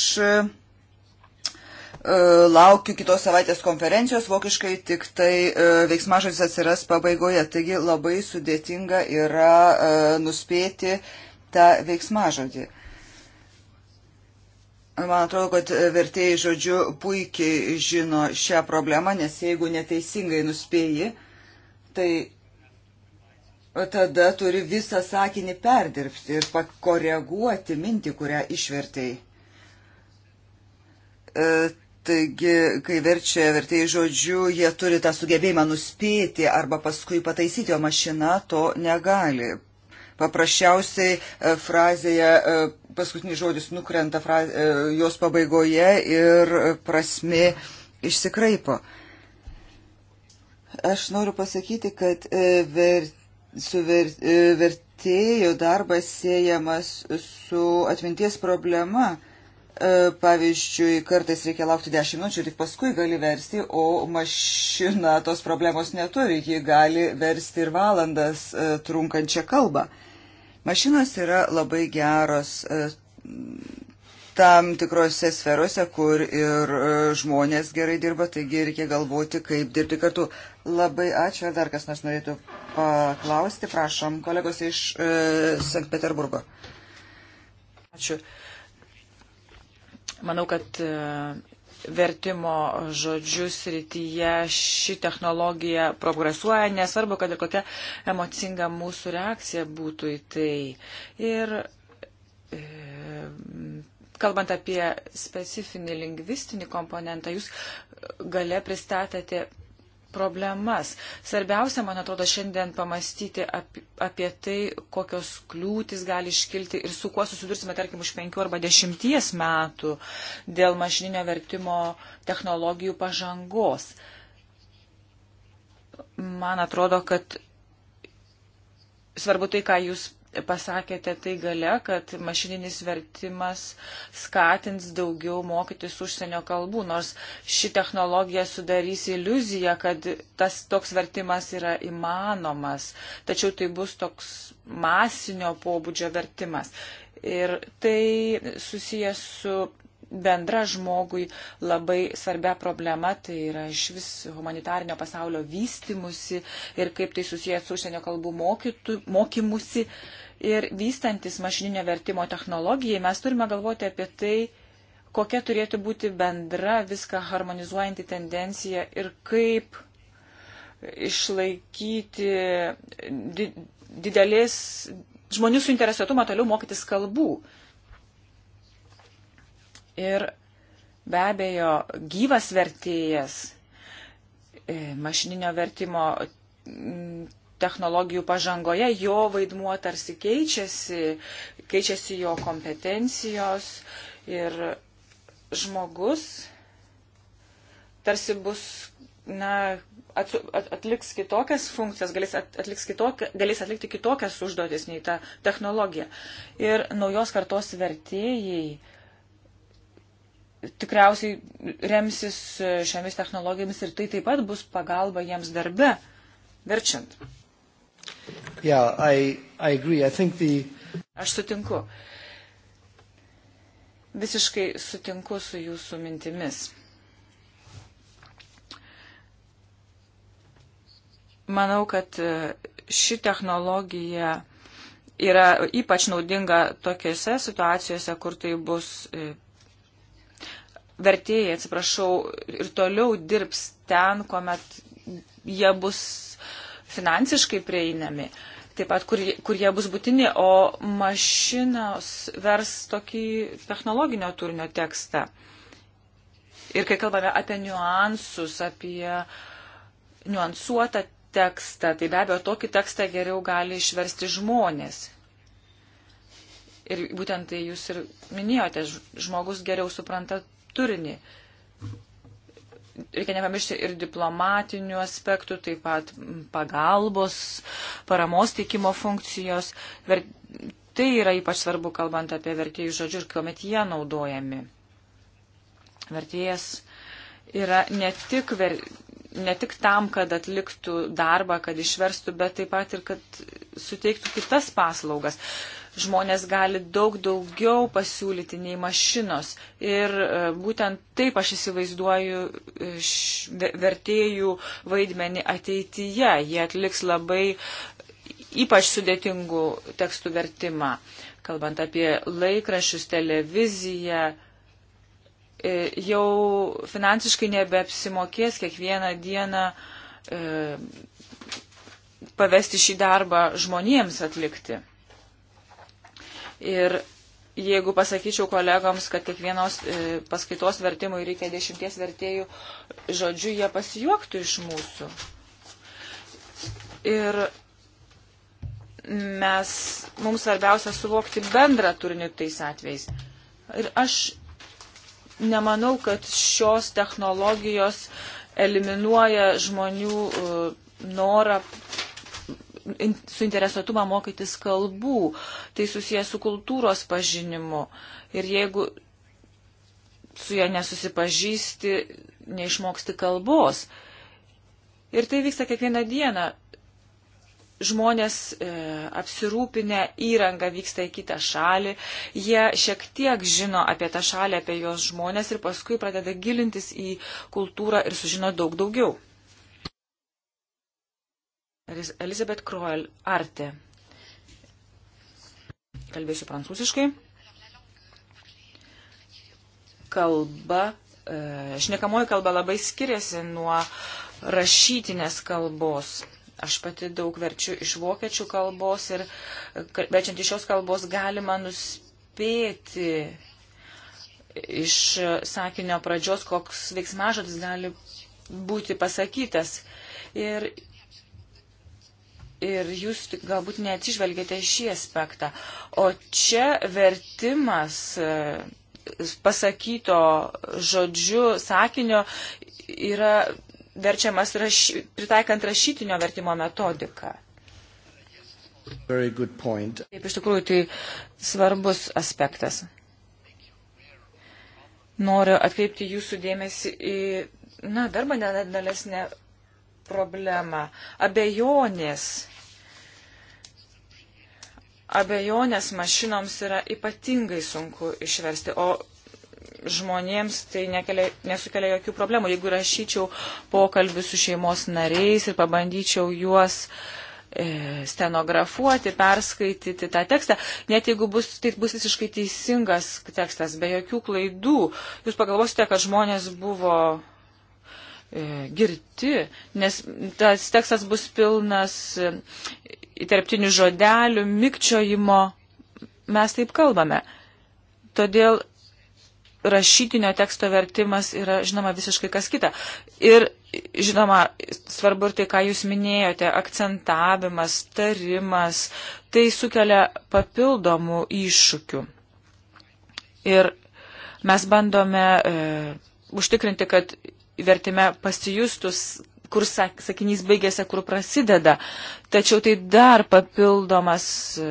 A: laukiu kitos savaitės konferencijos, vokiškai tik tai veiksmažodis atsiras pabaigoje. Taigi labai sudėtinga yra nuspėti tą veiksmažodį. Man atrodo, kad vertėjai žodžiu puikiai žino šią problemą, nes jeigu neteisingai nuspėji, tai tada turi visą sakinį perdirbti ir pakoreguoti mintį, kurią išvertėjai. E, taigi, kai verčia vertėjai žodžiu, jie turi tą sugebėjimą nuspėti arba paskui pataisyti, o mašina to negali Paprasčiausiai e, frazėje e, paskutinis žodis nukrenta fraz, e, jos pabaigoje ir prasmi išsikraipo. Aš noriu pasakyti, kad ver, su ver, vertėjo darbas siejamas su atminties problema. E, pavyzdžiui, kartais reikia laukti 10 minučių ir tik paskui gali versti, o mašina tos problemos neturi, ji gali versti ir valandas e, trunkančią kalbą. Mašinos yra labai geros e, tam tikrose sferose, kur ir žmonės gerai dirba, taigi reikia galvoti, kaip dirbti kartu. Labai ačiū, ar dar kas nors norėtų paklausti, prašom, kolegos iš e, Sankt Peterburgo. Ačiū. E,
B: Manau, kad e, vertimo žodžius rytyje ši technologija progresuoja, nesvarbu, kad ir kokia emocinga mūsų reakcija būtų į tai. Ir e, kalbant apie specifinį lingvistinį komponentą, jūs gale pristatėte problemas. Svarbiausia, man atrodo, šiandien pamastyti apie, apie tai, kokios kliūtis gali iškilti ir su kuo susidursime, tarkim, už penkių arba dešimties metų dėl mašininio vertimo technologijų pažangos. Man atrodo, kad svarbu tai, ką jūs pasakėte tai gale, kad mašininis vertimas skatins daugiau mokytis užsienio kalbų, nors ši technologija sudarys iliuziją, kad tas toks vertimas yra įmanomas, tačiau tai bus toks masinio pobūdžio vertimas. Ir tai susijęs su bendra žmogui labai svarbia problema, tai yra iš vis humanitarinio pasaulio vystimusi ir kaip tai susijęs su užsienio kalbų mokytų, mokymusi. Uh, Ir vystantis mašininio vertimo technologijai, mes turime galvoti apie tai, kokia turėtų būti bendra viską harmonizuojanti tendencija ir kaip išlaikyti didelės žmonių suinteresuotumą toliau mokytis kalbų. Ir be abejo, gyvas vertėjas e, mašininio vertimo technologijų pažangoje jo vaidmuo tarsi keičiasi, keičiasi jo kompetencijos ir žmogus tarsi bus, na, atliks kitokias funkcijas, galės, atliks kitokia, galės atlikti kitokias užduotis nei ta technologija. Ir naujos kartos vertėjai tikriausiai remsis šiomis technologijomis ir tai taip pat bus pagalba jiems darbe, verčiant.
A: Yeah, I, I agree. I think the... Aš sutinku.
B: Visiškai sutinku su jūsų mintimis. Manau, kad e, ši technologija yra ypač naudinga tokiuose situacijose, kur tai bus e, vertėjai, atsiprašau, ir toliau dirbs ten, kuomet jie bus finansiškai prieinami, taip pat kur, kur jie bus būtini, o mašinos vers tokį technologinio turinio tekstą. Ir kai kalbame apie niuansus, apie niuansuotą tekstą, tai be abejo tokį tekstą geriau gali išversti žmonės. Ir būtent tai jūs ir minėjote, žmogus geriau supranta turinį reikia nepamiršti ir diplomatinių aspektų, taip pat pagalbos, paramos teikimo funkcijos. Ver... Tai yra ypač svarbu, kalbant apie vertėjų žodžių ir kuomet jie naudojami. Vertėjas yra ne tik, ver... ne tik tam, kad atliktų darbą, kad išverstų, bet taip pat ir kad suteiktų kitas paslaugas. Uh, žmonės gali daug daugiau pasiūlyti nei mašinos. Ir e, būtent taip aš įsivaizduoju e, vertėjų vaidmenį ateityje. Jie atliks labai ypač sudėtingų tekstų vertimą. Kalbant apie laikrašius, televiziją, e, jau finansiškai nebeapsimokės kiekvieną dieną pavesti šį darbą žmonėms atlikti. Ir jeigu pasakyčiau kolegoms, kad kiekvienos e, paskaitos vertimui reikia dešimties vertėjų, žodžiu, jie pasijuoktų iš mūsų. Ir mes, mums svarbiausia suvokti bendrą turinį tais atvejais. Ir aš nemanau, kad šios technologijos eliminuoja žmonių e, norą suinteresuotumą mokytis kalbų. Tai susijęs su kultūros pažinimu. Ir jeigu su ja nesusipažįsti, neišmoksti kalbos. Ir tai vyksta kiekvieną dieną. Žmonės e, apsirūpinę įrangą vyksta į kitą šalį, jie šiek tiek žino apie tą šalį, apie jos žmonės ir paskui pradeda gilintis į kultūrą ir sužino daug daugiau. Elizabeth Kroel, Arte. Kalbėsiu prancūziškai. Kalba, e, šnekamoji kalba labai skiriasi nuo rašytinės kalbos. Aš pati daug verčiu iš vokiečių kalbos ir e, verčiant iš šios kalbos galima nuspėti iš sakinio pradžios, koks veiksmažodis gali būti pasakytas. Ir ir jūs galbūt neatsižvelgėte šį aspektą. O čia vertimas e, pasakyto žodžiu sakinio yra verčiamas raš, pritaikant rašytinio vertimo metodiką.
A: Taip,
B: iš tikrųjų, tai svarbus aspektas. Noriu atkreipti jūsų dėmesį į, na, darbą nedalesnę problemą. Abejonės abejonės mašinoms yra ypatingai sunku išversti, o žmonėms tai nekelia, nesukelia jokių problemų. Jeigu rašyčiau pokalbį su šeimos nariais ir pabandyčiau juos e, stenografuoti, perskaityti tą tekstą, net jeigu bus, tai bus visiškai teisingas tekstas, be jokių klaidų, jūs pagalvosite, kad žmonės buvo e, girti, nes tas tekstas bus pilnas e, įterptinių žodelių, mikčiojimo, mes taip kalbame. Todėl rašytinio teksto vertimas yra, žinoma, visiškai kas kita. Ir, žinoma, svarbu ir tai, ką jūs minėjote, akcentavimas, tarimas, tai sukelia papildomų iššūkių. Ir mes bandome e, užtikrinti, kad vertime pasijustus kur sakinys baigėsi, kur prasideda. Tačiau tai dar papildomas, e,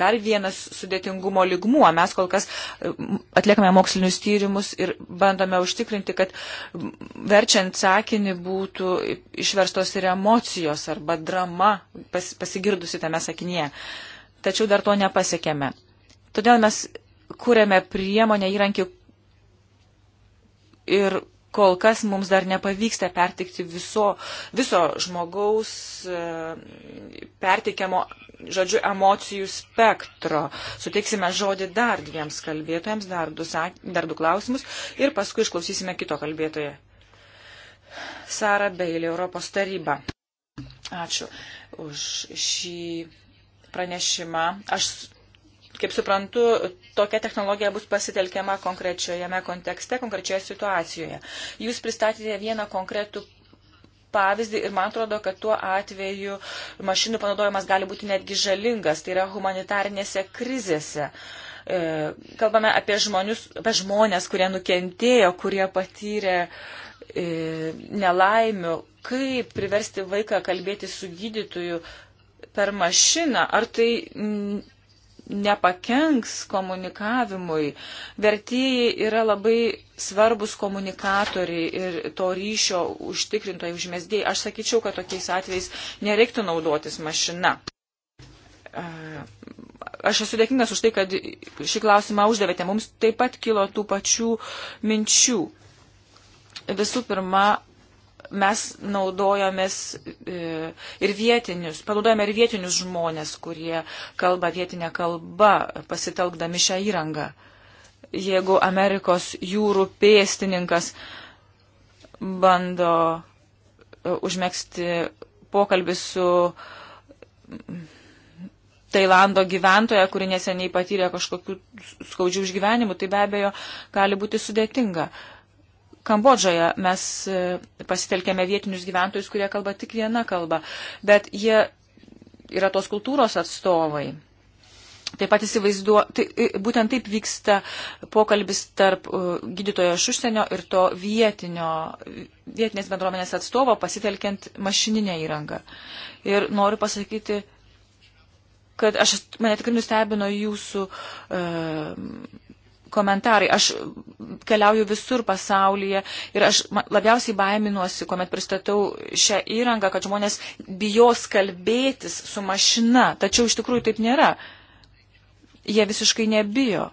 B: dar vienas sudėtingumo ligmuo. Mes kol kas e, atliekame mokslinius tyrimus ir bandome užtikrinti, kad verčiant sakinį būtų išverstos ir emocijos arba drama pas, pasigirdusi tame sakinyje. Tačiau dar to nepasiekėme. Todėl mes kūrėme priemonę įrankį ir kol kas mums dar nepavyksta pertikti viso, viso žmogaus e, pertikiamo, žodžiu, emocijų spektro. Suteiksime žodį dar dviems kalbėtojams, dar du, dar du klausimus ir paskui išklausysime kito kalbėtoje. Sara Beilė, Europos taryba. Ačiū už šį pranešimą. Aš Kaip suprantu, tokia technologija bus pasitelkiama konkrečiojame kontekste, konkrečioje situacijoje. Jūs pristatėte vieną konkretų pavyzdį ir man atrodo, kad tuo atveju mašinų panaudojimas gali būti netgi žalingas, tai yra humanitarnėse krizėse. E, kalbame apie, žmonius, apie žmonės, kurie nukentėjo, kurie patyrė e, nelaimių. Kaip priversti vaiką kalbėti su gydytoju per mašiną? Ar tai nepakenks komunikavimui. Vertėjai yra labai svarbus komunikatoriai ir to ryšio užtikrintojai užmėsdėjai. Aš sakyčiau, kad tokiais atvejais nereiktų naudotis mašina. Aš esu dėkingas už tai, kad šį klausimą uždavėte. Mums taip pat kilo tų pačių minčių. Visų pirma, mes naudojomės e, ir vietinius, panaudojame ir vietinius žmonės, kurie kalba vietinę kalbą, pasitelkdami šią įrangą. Jeigu Amerikos jūrų pėstininkas bando e, užmėgsti pokalbį su Tailando gyventoja, kuri neseniai patyrė kažkokių skaudžių išgyvenimų, tai be abejo gali būti sudėtinga. Uh, Kambodžoje mes e, pasitelkėme vietinius gyventojus, kurie kalba tik vieną kalbą, bet jie yra tos kultūros atstovai. Taip pat įsivaizduo, tai, e, būtent taip vyksta pokalbis tarp uh, gydytojo iš užsienio ir to vietinio, vietinės bendruomenės atstovo pasitelkiant mašininę įrangą. Ir noriu pasakyti, kad aš, mane tikrai nustebino jūsų uh, komentarai. Aš keliauju visur pasaulyje ir aš labiausiai baiminuosi, kuomet pristatau šią įrangą, kad žmonės bijos kalbėtis su mašina, tačiau iš tikrųjų taip nėra. Jie visiškai nebijo.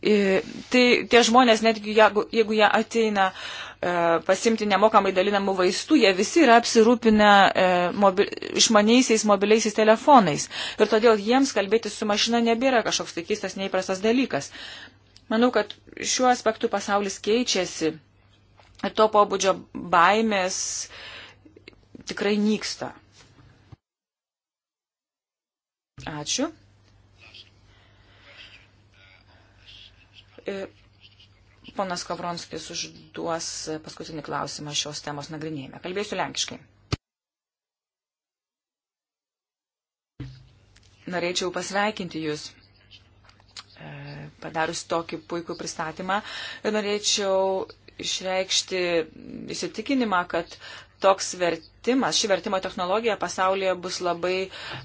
B: E, tai tie žmonės, netgi jeigu, jeigu jie ateina e, pasimti nemokamai dalinamų vaistų, jie visi yra apsirūpinę e, mobi, išmaniaisiais mobiliaisiais telefonais. Ir todėl jiems kalbėti su mašina nebėra kažkoks tai keistas neįprastas dalykas. Manau, kad šiuo aspektu pasaulis keičiasi ir to pobūdžio baimės tikrai nyksta. Ačiū. E, ponas Kavronskis užduos paskutinį klausimą šios temos nagrinėjime. Kalbėsiu lenkiškai. Norėčiau pasveikinti Jūs e, padarius tokį puikų pristatymą ir norėčiau išreikšti įsitikinimą, kad toks vertimas, ši vertimo technologija pasaulyje bus labai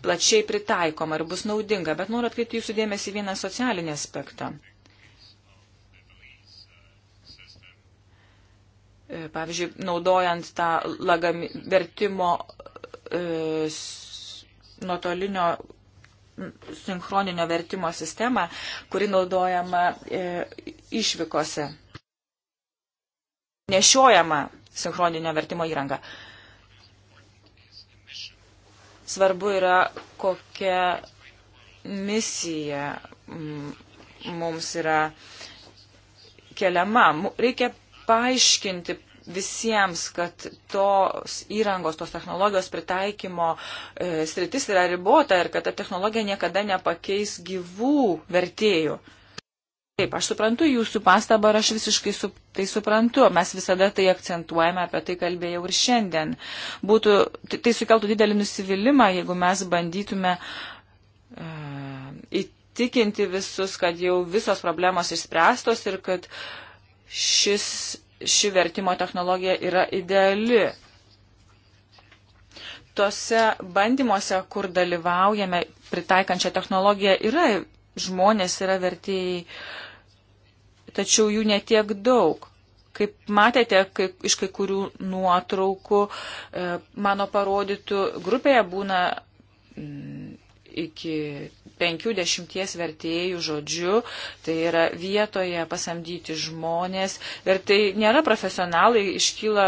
B: plačiai pritaikoma ir bus naudinga. Bet noriu atkreipti jūsų dėmesį vieną socialinį aspektą. E, pavyzdžiui, naudojant tą lagami, vertimo e, nuotolinio sinchroninio vertimo sistemą, kuri naudojama e, išvykose. Nešiojama sinchroninio vertimo įranga. Svarbu yra, kokia misija mums yra keliama. Reikia paaiškinti visiems, kad tos įrangos, tos technologijos pritaikymo e, sritis yra ribota ir kad ta technologija niekada nepakeis gyvų vertėjų. Taip, aš suprantu jūsų pastabą ir aš visiškai su, tai suprantu. Mes visada tai akcentuojame, apie tai kalbėjau ir šiandien. Būtų, tai, tai sukeltų didelį nusivylimą, jeigu mes bandytume e, įtikinti visus, kad jau visos problemos išspręstos ir kad e, šis, ši vertimo technologija yra ideali. Tose bandymuose, kur dalyvaujame pritaikančią technologiją, yra žmonės, yra vertėjai, tačiau jų netiek daug. Kaip matėte, kaip, iš kai kurių nuotraukų e, mano parodytų grupėje būna iki penkių-dešimties vertėjų žodžiu, tai yra vietoje pasamdyti žmonės ir tai nėra profesionalai, iškyla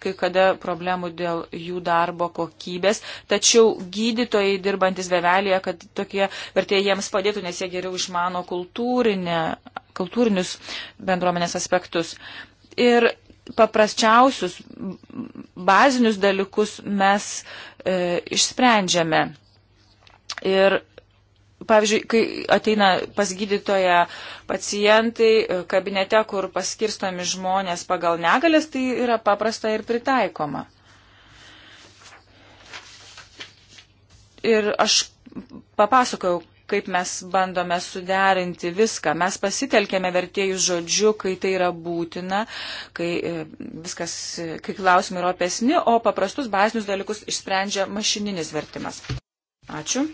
B: kai kada problemų dėl jų darbo kokybės, tačiau gydytojai dirbantis bevelėje, kad tokie vertėjai jiems padėtų, nes jie geriau išmano kultūrinius bendruomenės aspektus. Ir paprasčiausius bazinius dalykus mes e, išsprendžiame. Ir Pavyzdžiui, kai ateina pas gydytoją pacientai e, kabinete, kur paskirstomi žmonės pagal negalės, tai yra paprasta ir pritaikoma. Ir aš papasakojau, kaip mes bandome suderinti viską. Mes pasitelkėme vertėjų žodžių, kai tai yra būtina, kai, e, viskas, e, kai klausimai yra opesni, o paprastus bazinius dalykus išsprendžia mašininis vertimas. Ačiū.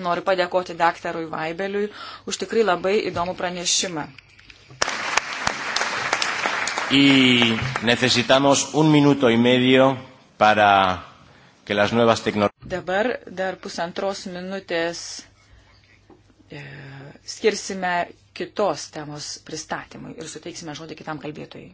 B: Noriu padėkoti daktarui Vaibeliui už tikrai labai įdomų pranešimą.
A: Y necesitamos un minuto y medio para que las nuevas tecnologías.
B: Dabar dar pusantros minutės e, skirsime kitos temos pristatymui ir suteiksime žodį kitam kalbėtojui.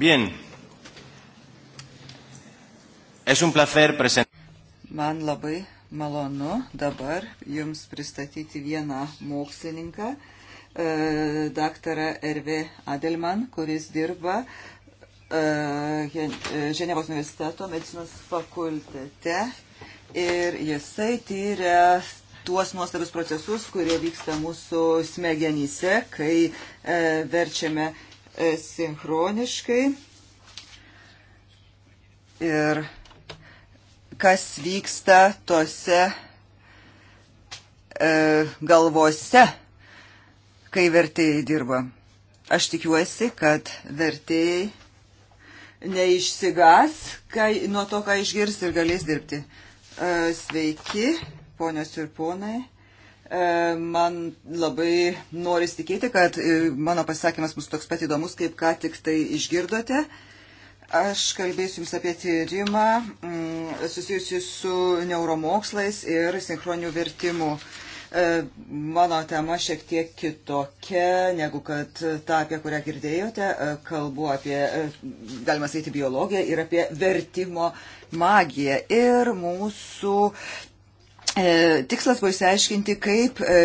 A: Bien. Es un placer presentar. Man labai malonu dabar Jums pristatyti vieną mokslininką, e, daktarą Ervė Adelman, kuris dirba e, e, Ženevos universiteto medicinos fakultete ir jisai tyria tuos nuostabius procesus, kurie vyksta mūsų smegenyse, kai verčiame E, sinchroniškai ir kas vyksta tose e, galvose, kai vertėjai dirba. Aš tikiuosi, kad vertėjai neišsigas kai, nuo to, ką išgirs ir galės dirbti. E, sveiki, ponios ir ponai. E, man labai noris tikėti, kad e, mano pasisakymas bus toks pat įdomus, kaip ką tik tai išgirdote. Aš kalbėsiu Jums apie tyrimą mm, susijusiu su neuromokslais ir sinchroniniu vertimu. E, mano tema šiek tiek kitokia negu kad ta, apie kurią girdėjote. Kalbu apie, galima sakyti, biologiją ir apie vertimo magiją. Ir mūsų E, tikslas buvo įsiaiškinti, kaip e,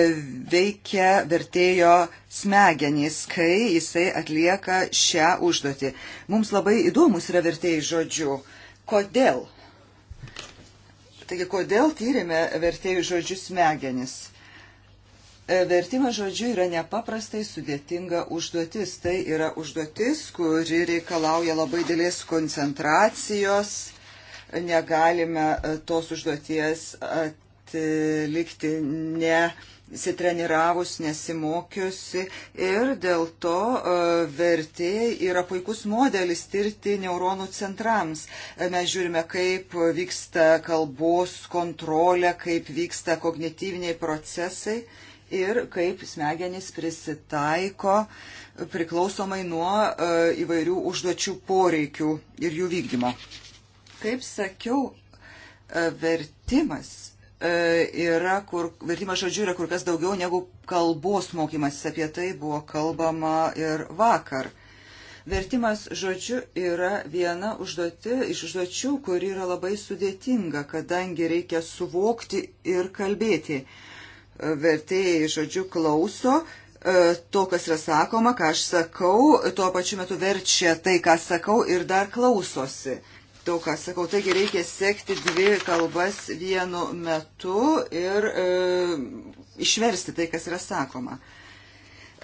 A: veikia vertėjo smegenys, kai jisai atlieka šią užduotį. Mums labai įdomus yra vertėjai žodžių. Kodėl? Taigi, kodėl tyrėme vertėjų žodžių smegenis? E, Vertimas žodžiu yra nepaprastai sudėtinga užduotis. Tai yra užduotis, kuri reikalauja labai dėlės koncentracijos. Negalime tos užduoties at E, likti ne sitreniravus, nesimokiusi ir dėl to e, vertėjai yra puikus modelis tirti neuronų centrams. E, mes žiūrime, kaip vyksta kalbos kontrolė, kaip vyksta kognityviniai procesai ir kaip smegenys prisitaiko priklausomai nuo įvairių užduočių poreikių ir jų vykdymo. Kaip sakiau, vertimas E, yra, kur vertimas žodžių yra kur kas daugiau negu kalbos mokymas. Apie tai buvo kalbama ir vakar. Vertimas žodžiu yra viena užduoti, iš užduočių, kuri yra labai sudėtinga, kadangi reikia suvokti ir kalbėti. E, vertėjai žodžiu klauso e, to, kas yra sakoma, ką aš sakau, tuo pačiu metu verčia tai, ką sakau ir dar klausosi daug ką sakau. Taigi reikia sekti dvi kalbas vienu metu ir e, išversti tai, kas yra sakoma.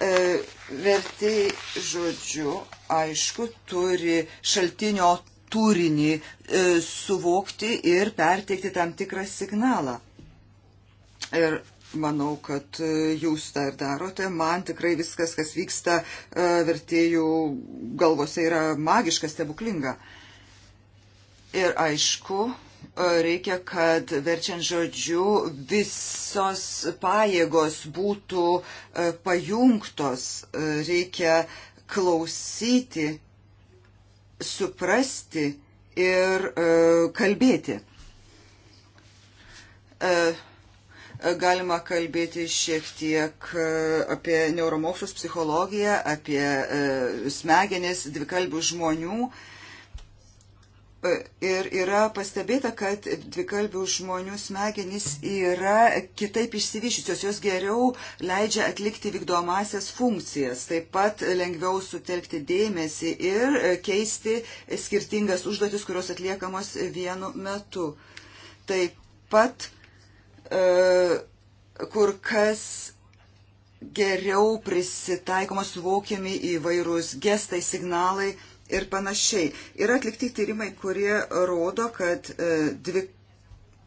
A: E, vertai žodžiu, aišku, turi šaltinio turinį e, suvokti ir perteikti tam tikrą signalą. Ir manau, kad e, jūs tą ir darote. Man tikrai viskas, kas vyksta e, vertėjų galvose, yra magiška, stebuklinga. E, Ir aišku, e, reikia, kad verčiant žodžiu visos pajėgos būtų e, pajungtos, e, reikia klausyti, suprasti ir kalbėti. Galima kalbėti šiek tiek apie neuromokslus, psichologiją, apie smegenis dvikalbių žmonių Ir yra pastebėta, kad dvikalbių žmonių smegenys yra kitaip išsivyšusios, jos geriau leidžia atlikti vykdomasias funkcijas, taip pat lengviau sutelkti dėmesį ir keisti skirtingas užduotis, kurios atliekamos vienu metu. Taip pat e, kur kas geriau prisitaikoma suvokiami įvairūs gestai, signalai ir panašiai. Yra atlikti tyrimai, kurie rodo, kad e, dvi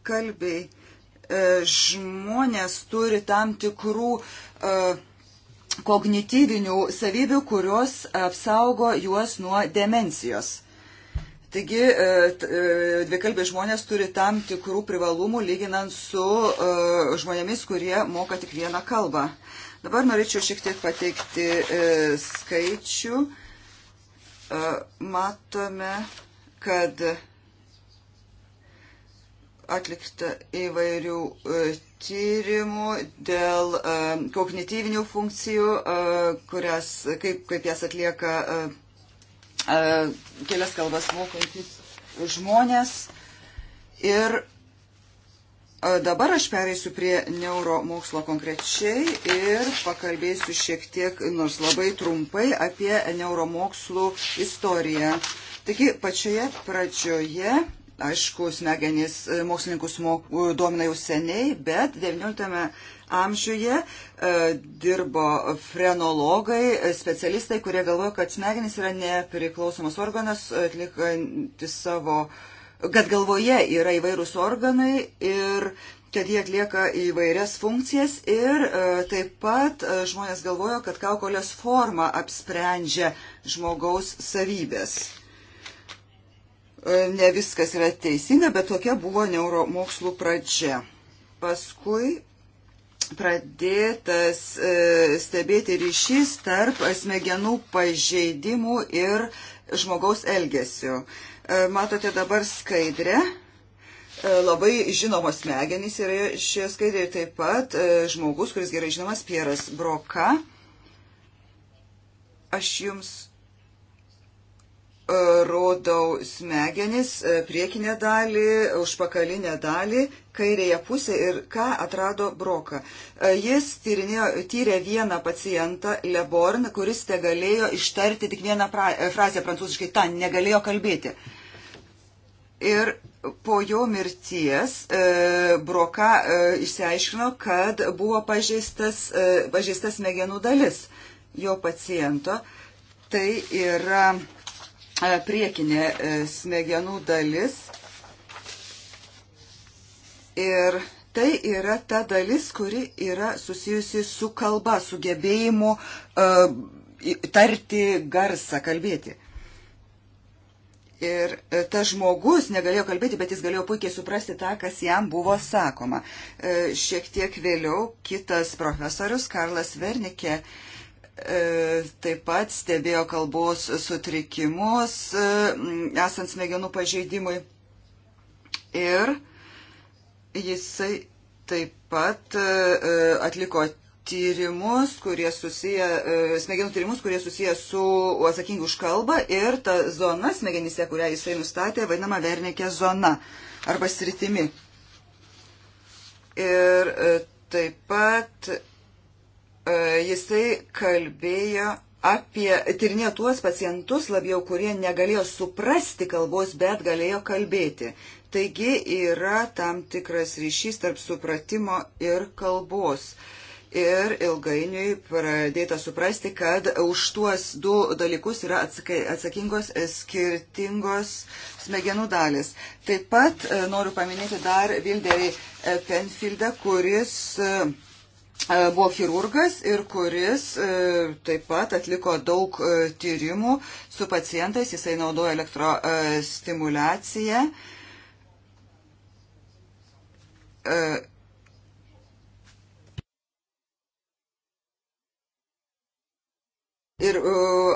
A: kalbiai e, žmonės turi tam tikrų e, kognityvinių savybių, kurios apsaugo juos nuo demencijos. Taigi dvikalbiai žmonės turi tam tikrų privalumų lyginant su žmonėmis, kurie moka tik vieną kalbą. Dabar norėčiau šiek tiek pateikti skaičių. E, matome, kad atlikta įvairių e, tyrimų dėl e, kognityvinių funkcijų, kurias, kaip, kaip jas atlieka kelias kalbas mokantis žmonės. Ir Dabar aš pereisiu prie neuromokslo konkrečiai ir pakalbėsiu šiek tiek, nors labai trumpai, apie neuromokslų istoriją. Taigi, pačioje pradžioje, aišku, smegenys e, mokslininkus mok, domina jau seniai, bet 19 amžiuje e, dirbo frenologai, e, specialistai, kurie galvoja, kad smegenys yra nepriklausomas organas, atlikantis savo e, kad galvoje yra įvairūs organai ir kad jie atlieka įvairias funkcijas ir e, taip pat e, žmonės galvojo, kad kaukolės forma apsprendžia žmogaus savybės. E, ne viskas yra teisinga, bet tokia buvo neuromokslų pradžia. Paskui pradėtas stebėti ryšys tarp smegenų pažeidimų ir žmogaus elgesio. E, matote dabar skaidrę. E, labai žinomos smegenys yra šioje skaidrėje taip pat e, žmogus, kuris gerai žinomas, Pieras Broka. Aš jums rodau smegenis, priekinę dalį, užpakalinę dalį, kairėje pusė ir ką atrado Broka. Jis tyrinėjo, tyrė vieną pacientą, Leborn, kuris te galėjo ištarti tik vieną pra, frazę prancūziškai, ta negalėjo kalbėti. Ir po jo mirties e, Broka e, išsiaiškino, kad buvo pažeistas, e, pažeistas smegenų dalis jo paciento. Tai yra e, priekinė e, smegenų dalis. Ir tai yra ta dalis, kuri yra susijusi su kalba, su gebėjimu e, tarti garsą, kalbėti. Ir e, tas žmogus negalėjo kalbėti, bet jis galėjo puikiai suprasti tą, kas jam buvo sakoma. E, šiek tiek vėliau kitas profesorius, Karlas Vernikė, e, taip pat stebėjo kalbos sutrikimus, esant smegenų pažeidimui. Ir jisai taip pat atliko tyrimus, kurie susiję, e, smegenų tyrimus, kurie susiję su atsakingi už kalbą ir ta zona smegenyse, kurią jisai nustatė, vadinama Vernikė zona arba sritimi. Ir e, taip pat e, jisai kalbėjo apie, tirinėjo tuos pacientus labiau, kurie negalėjo suprasti kalbos, bet galėjo kalbėti. Taigi yra tam tikras ryšys tarp supratimo ir kalbos. Uh, ir ilgainiui pradėta suprasti, kad už tuos du dalykus yra atsakingos skirtingos smegenų dalis. Taip pat e, noriu paminėti dar Vilderį Penfieldą, kuris e, e, buvo chirurgas ir kuris taip pat atliko daug tyrimų su pacientais, jisai naudoja elektrostimulaciją. Ir e,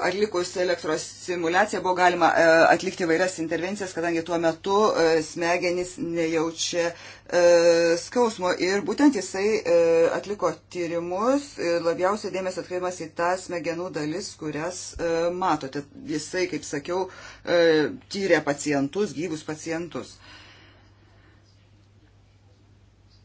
A: atlikus elektros simulaciją buvo galima e, atlikti vairias intervencijas, kadangi tuo metu e, smegenys nejaučia skausmo. Ir būtent jisai atliko tyrimus, labiausiai dėmesio atkreipimas į tą smegenų dalis, kurias matote. Jisai, kaip sakiau, tyrė pacientus, gyvus pacientus.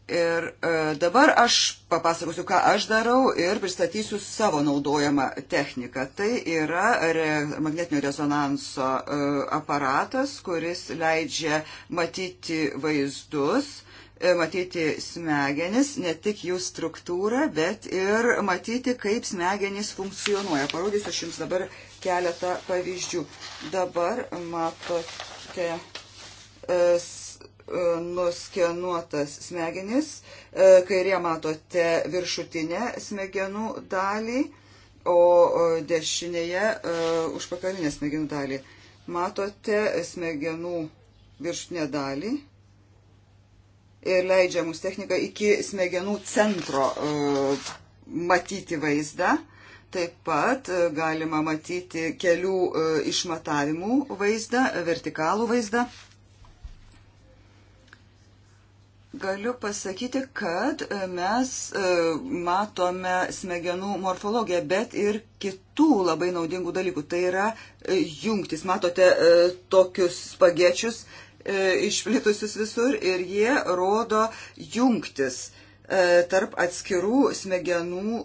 A: Ir e, dabar aš papasakosiu, ką aš darau ir pristatysiu savo naudojamą techniką. Tai yra re, magnetinio rezonanso e, aparatas, kuris leidžia matyti vaizdus, e, matyti smegenis, ne tik jų struktūrą, bet ir matyti, kaip smegenys funkcionuoja. Parodysiu aš jums dabar keletą pavyzdžių. Dabar matote. E, E, nuskenuotas smegenis, e, kairė matote viršutinę smegenų dalį, o e, dešinėje užpakalinę smegenų dalį. Matote smegenų viršutinę dalį ir leidžia mums technika iki smegenų centro matyti vaizdą. Taip pat galima matyti kelių išmatavimų vaizdą, vertikalų vaizdą. Galiu pasakyti, kad e, mes e, matome smegenų morfologiją, bet ir kitų labai naudingų dalykų. Tai yra e, jungtis. Matote tokius spagečius išplitusius visur ir jie rodo jungtis tarp atskirų smegenų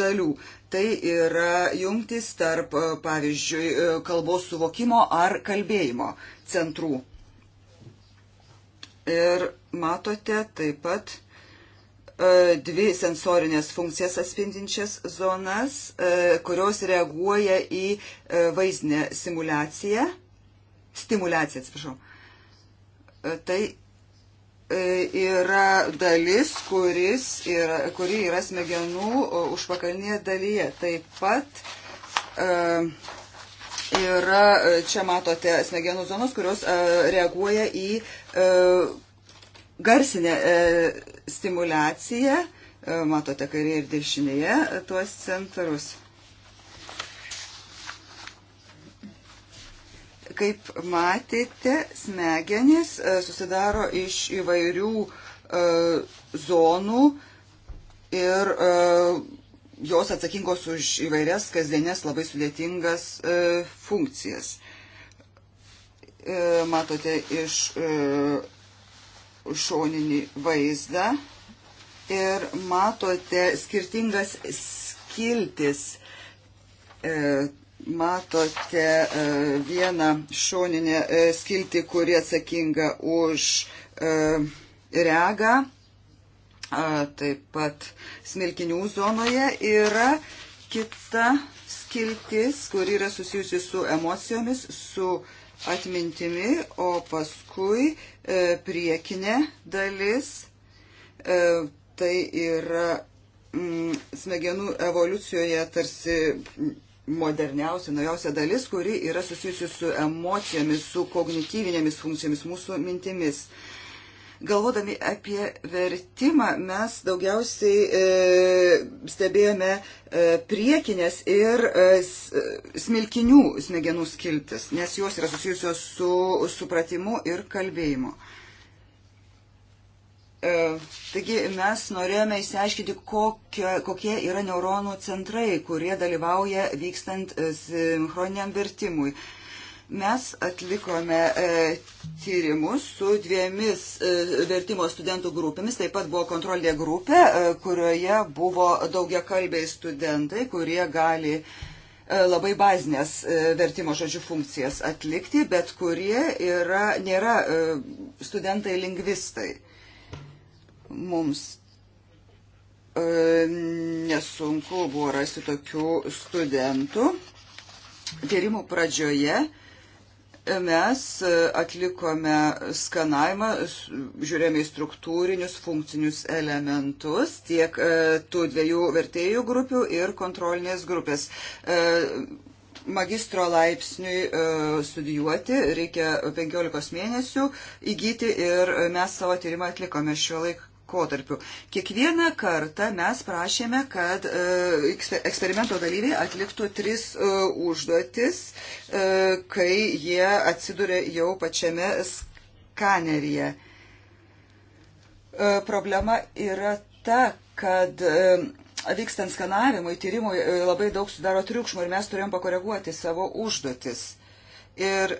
A: dalių. Tai yra jungtis tarp, pavyzdžiui, kalbos suvokimo ar kalbėjimo centrų. Ir matote taip pat e, dvi sensorinės funkcijas atspindinčias zonas, e, kurios reaguoja į e, vaizdinę simulaciją, stimulaciją, atsiprašau. Tai yra dalis, kuris yra, kuri yra smegenų užpakalinėje dalyje. Taip pat yra, čia matote, smegenų zonos, kurios reaguoja į vaizdinę E, garsinė e, stimulacija, e, matote kairėje ir dešinėje tuos centrus. Kaip matėte, smegenys susidaro iš įvairių zonų ir jos atsakingos už įvairias kasdienės labai sudėtingas funkcijas. E, matote iš e, šoninį vaizdą ir matote skirtingas skiltis. E, matote vieną šoninę skiltį, kuri atsakinga už regą, taip pat smilkinių zonoje yra kita skiltis, kuri yra susijusi su emocijomis, su atmintimi, o paskui e, priekinė dalis e, tai yra mm, smegenų evoliucijoje tarsi moderniausia, naujausia dalis, kuri yra susijusi su emocijomis, su kognityvinėmis funkcijomis, mūsų mintimis. E, Galvodami apie vertimą, mes daugiausiai e, stebėjome e, priekinės ir e, smilkinių smegenų skiltis, nes jos yra susijusios su supratimu ir kalbėjimu. E, taigi mes norėjome įsiaiškinti, kokio, kokie yra neuronų centrai, kurie dalyvauja vykstant e, sinchroniniam vertimui. E, Mes atlikome e, tyrimus su dviemis e, vertimo studentų grupėmis, taip pat buvo kontrolė grupė, e, kurioje buvo daugia kalbiai studentai, kurie gali labai bazinės vertimo žodžių funkcijas atlikti, bet kurie yra, nėra studentai lingvistai. Mums nesunku buvo rasti tokių studentų. Tyrimų pradžioje mes e, atlikome skanavimą, žiūrėjome į struktūrinius funkcinius elementus tiek e, tų dviejų vertėjų grupių ir kontrolinės grupės. E, magistro laipsniui studijuoti reikia 15 mėnesių įgyti ir mes savo tyrimą atlikome šiuo laiku laikotarpiu. Kiekvieną kartą mes prašėme, kad e, eksperimento dalyviai atliktų tris e, užduotis, e, kai jie atsiduria jau pačiame skaneryje. Problema yra ta, kad vykstant skanavimui, tyrimui labai daug sudaro triukšmo ir mes turėjom pakoreguoti savo užduotis. Ir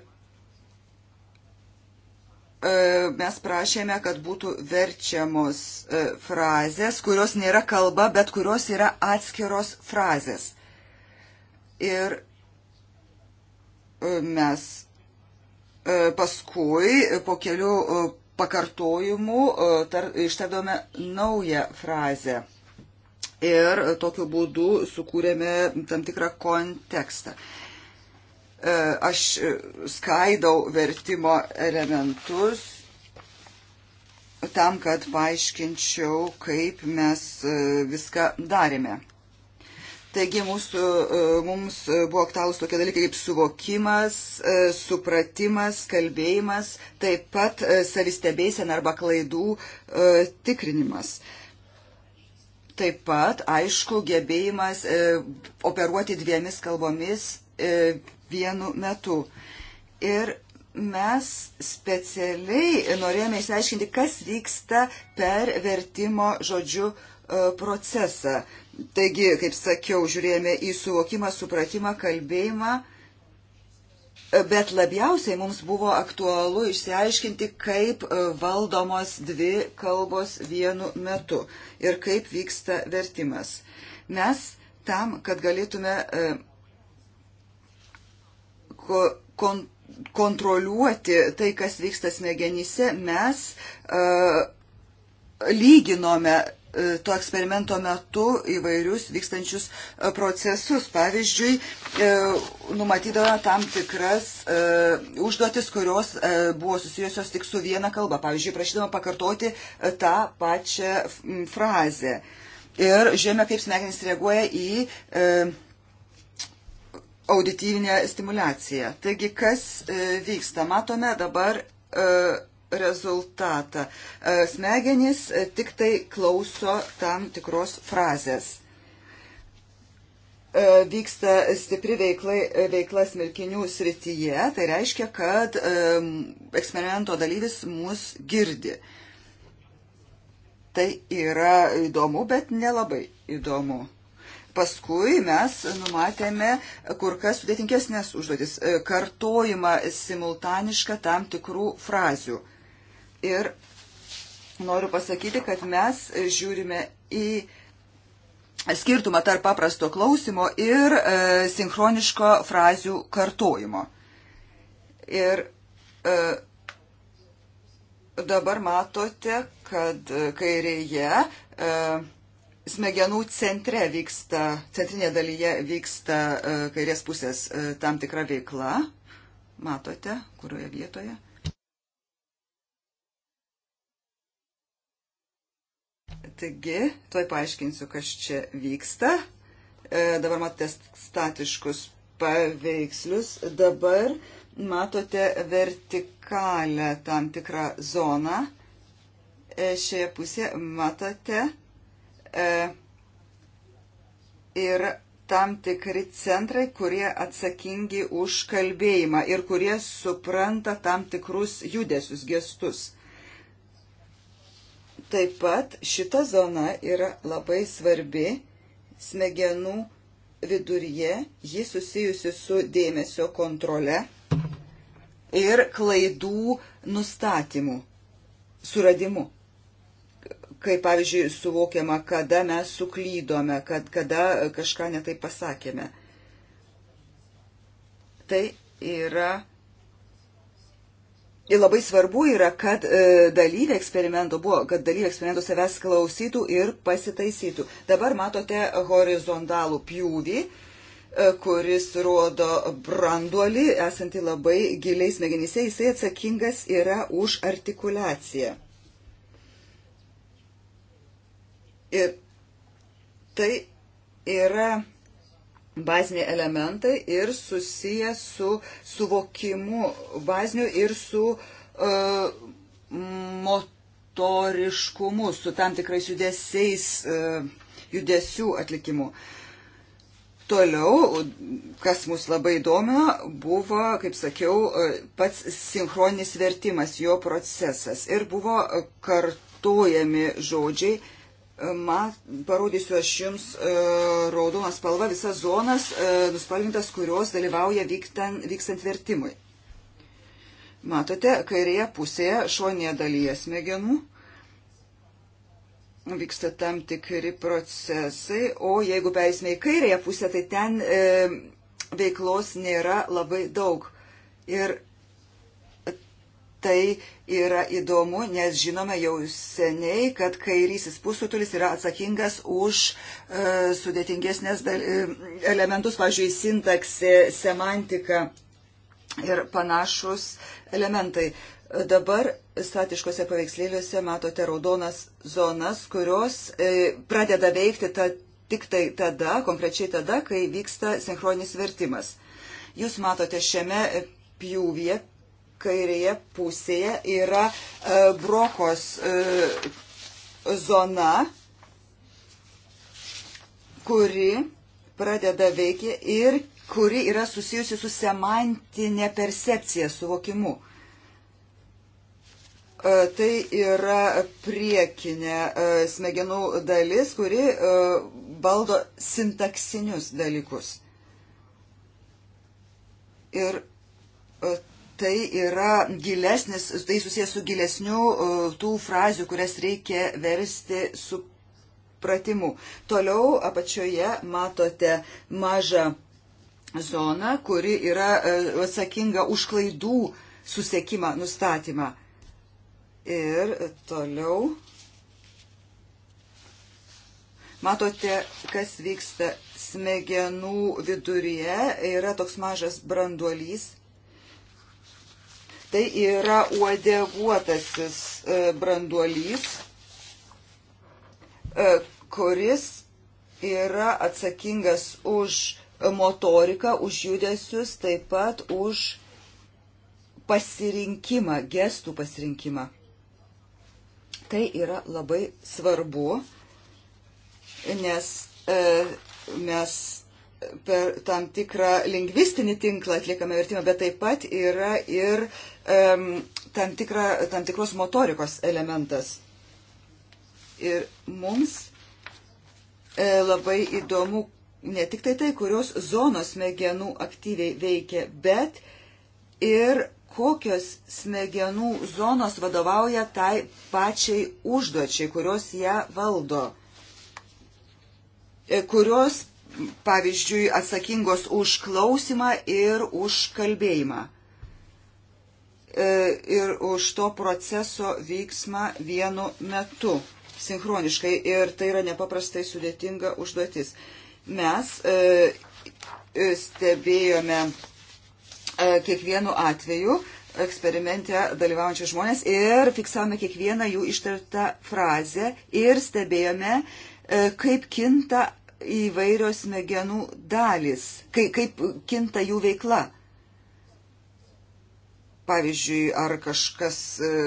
A: E, mes prašėme, kad būtų verčiamos e, frazės, kurios nėra kalba, bet kurios yra atskiros frazės. Ir e, mes paskui po kelių pakartojimų ištardome naują frazę. Ir tokiu būdu sukūrėme tam tikrą kontekstą. E, aš e, skaidau vertimo elementus tam, kad paaiškinčiau, kaip mes e, viską darėme. Taigi mūsų, mums buvo aktualūs tokie dalykai kaip suvokimas, supratimas, kalbėjimas, taip pat savistebėsena arba klaidų tikrinimas. Taip pat, aišku, gebėjimas operuoti dviemis kalbomis, vienu metu. Ir mes specialiai norėjome išsiaiškinti, kas vyksta per vertimo žodžiu e, procesą. Taigi, kaip sakiau, žiūrėjome į suvokimą, supratimą, kalbėjimą, e, bet labiausiai mums buvo aktualu išsiaiškinti, kaip e, valdomos dvi kalbos vienu metu ir kaip vyksta vertimas. Mes tam, kad galėtume kon, kontroliuoti tai, kas vyksta smegenyse, mes uh, lyginome uh, to eksperimento metu įvairius vykstančius uh, procesus. Pavyzdžiui, uh, numatydavome tam tikras užduotis, kurios buvo susijusios tik su viena kalba. Pavyzdžiui, prašydama pakartoti tą pačią frazę. Ir žiūrėjome, kaip smegenys reaguoja į audityvinę stimulaciją. Taigi, kas e, vyksta? Matome dabar e, rezultatą. E, smegenys tik tai klauso tam tikros frazės. Vyksta stipri veikla, veikla smilkinių srityje, tai reiškia, kad eksperimento dalyvis mus girdi. Tai yra įdomu, bet nelabai įdomu. Paskui mes numatėme kur kas sudėtingesnės užduotis - e, kartojimą simultanišką tam tikrų frazių. Ir noriu pasakyti, kad mes žiūrime į skirtumą tarp paprasto klausimo ir e, sinchroniško frazių kartojimo. Ir e, dabar matote, kad e, kairėje e, smegenų centre vyksta, centrinė dalyje vyksta e, kairės pusės e, tam tikra veikla. Matote, kurioje vietoje. Taigi, tuoj paaiškinsiu, kas čia vyksta. E, dabar matote statiškus paveikslius. Dabar matote vertikalę tam tikrą zoną. Šioje pusėje matote yra e, tam tikri centrai, kurie atsakingi už kalbėjimą ir kurie supranta tam tikrus judesius, gestus. Taip pat šita zona yra labai svarbi smegenų viduryje, ji susijusi su dėmesio kontrole ir klaidų nustatymu, suradimu kaip pavyzdžiui suvokiama, kada mes suklydome, kad kada kažką netai pasakėme. Tai yra. Ir labai svarbu yra, kad e, dalyviai eksperimento buvo, kad dalyviai eksperimento savęs klausytų ir pasitaisytų. Dabar matote horizontalų pjūvį, e, kuris rodo branduolį, esantį labai giliai smegenyse. Jisai atsakingas yra už artikulaciją. Ir tai yra baziniai elementai ir susiję su suvokimu baziniu ir su uh, motoriškumu, su tam tikrais judesiais, uh, judesių atlikimu. Toliau, kas mus labai įdomino, buvo, kaip sakiau, e, pats sinchroninis vertimas, jo procesas. Ir buvo kartuojami žodžiai, uh, Mat, parodysiu aš jums e, raudoną spalvą visas zonas e, nuspalvintas, kurios dalyvauja vyktan, vykstant vertimui. Matote, kairėje pusėje šonėje dalyje smegenų vyksta tam tikri procesai, o jeigu peisime į kairėje pusę, tai ten e, veiklos nėra labai daug. Ir tai yra įdomu, nes žinome jau seniai, kad kairysis pusrutulis yra atsakingas už e, sudėtingesnės dal, e, elementus, pavyzdžiui, sintaksė, semantika ir panašus elementai. Dabar statiškose paveikslėliuose matote raudonas zonas, kurios e, pradeda veikti ta, tik tai tada, konkrečiai tada, kai vyksta sinchroninis vertimas. Jūs matote šiame pjūvyje kairėje pusėje yra e, brokos e, zona, kuri pradeda veikti ir kuri yra susijusi su semantinė percepcija, suvokimu. E, tai yra priekinė smegenų dalis, kuri valdo sintaksinius dalykus. Ir tai yra gilesnis, tai susijęs su gilesniu e, tų frazių, kurias reikia versti su pratimu. Toliau apačioje matote mažą zoną, kuri yra e, atsakinga už klaidų susiekimą, nustatymą. Ir toliau matote, kas vyksta smegenų viduryje. Yra toks mažas branduolys Tai yra uodeguotasis e, branduolys, e, kuris yra atsakingas už motoriką, už judesius, taip pat už pasirinkimą, gestų pasirinkimą. Tai yra labai svarbu, nes e, mes per tam tikrą lingvistinį tinklą atliekame vertimą, bet taip pat yra ir tam, tikra, tam tikros motorikos elementas. Ir mums e, labai įdomu ne tik tai tai, kurios zonos smegenų aktyviai veikia, bet ir kokios smegenų zonos vadovauja tai pačiai užduočiai, kurios ją valdo, e, kurios, pavyzdžiui, atsakingos už klausimą ir už kalbėjimą. E, ir už to proceso veiksmą vienu metu, sinchroniškai. Ir tai yra nepaprastai sudėtinga užduotis. Mes e, e, stebėjome kiekvienu atveju eksperimente dalyvaujančius žmonės ir fiksavome kiekvieną jų ištartą frazę ir stebėjome, kaip kinta įvairios smegenų dalis, kaip kinta jų veikla pavyzdžiui, ar kažkas e,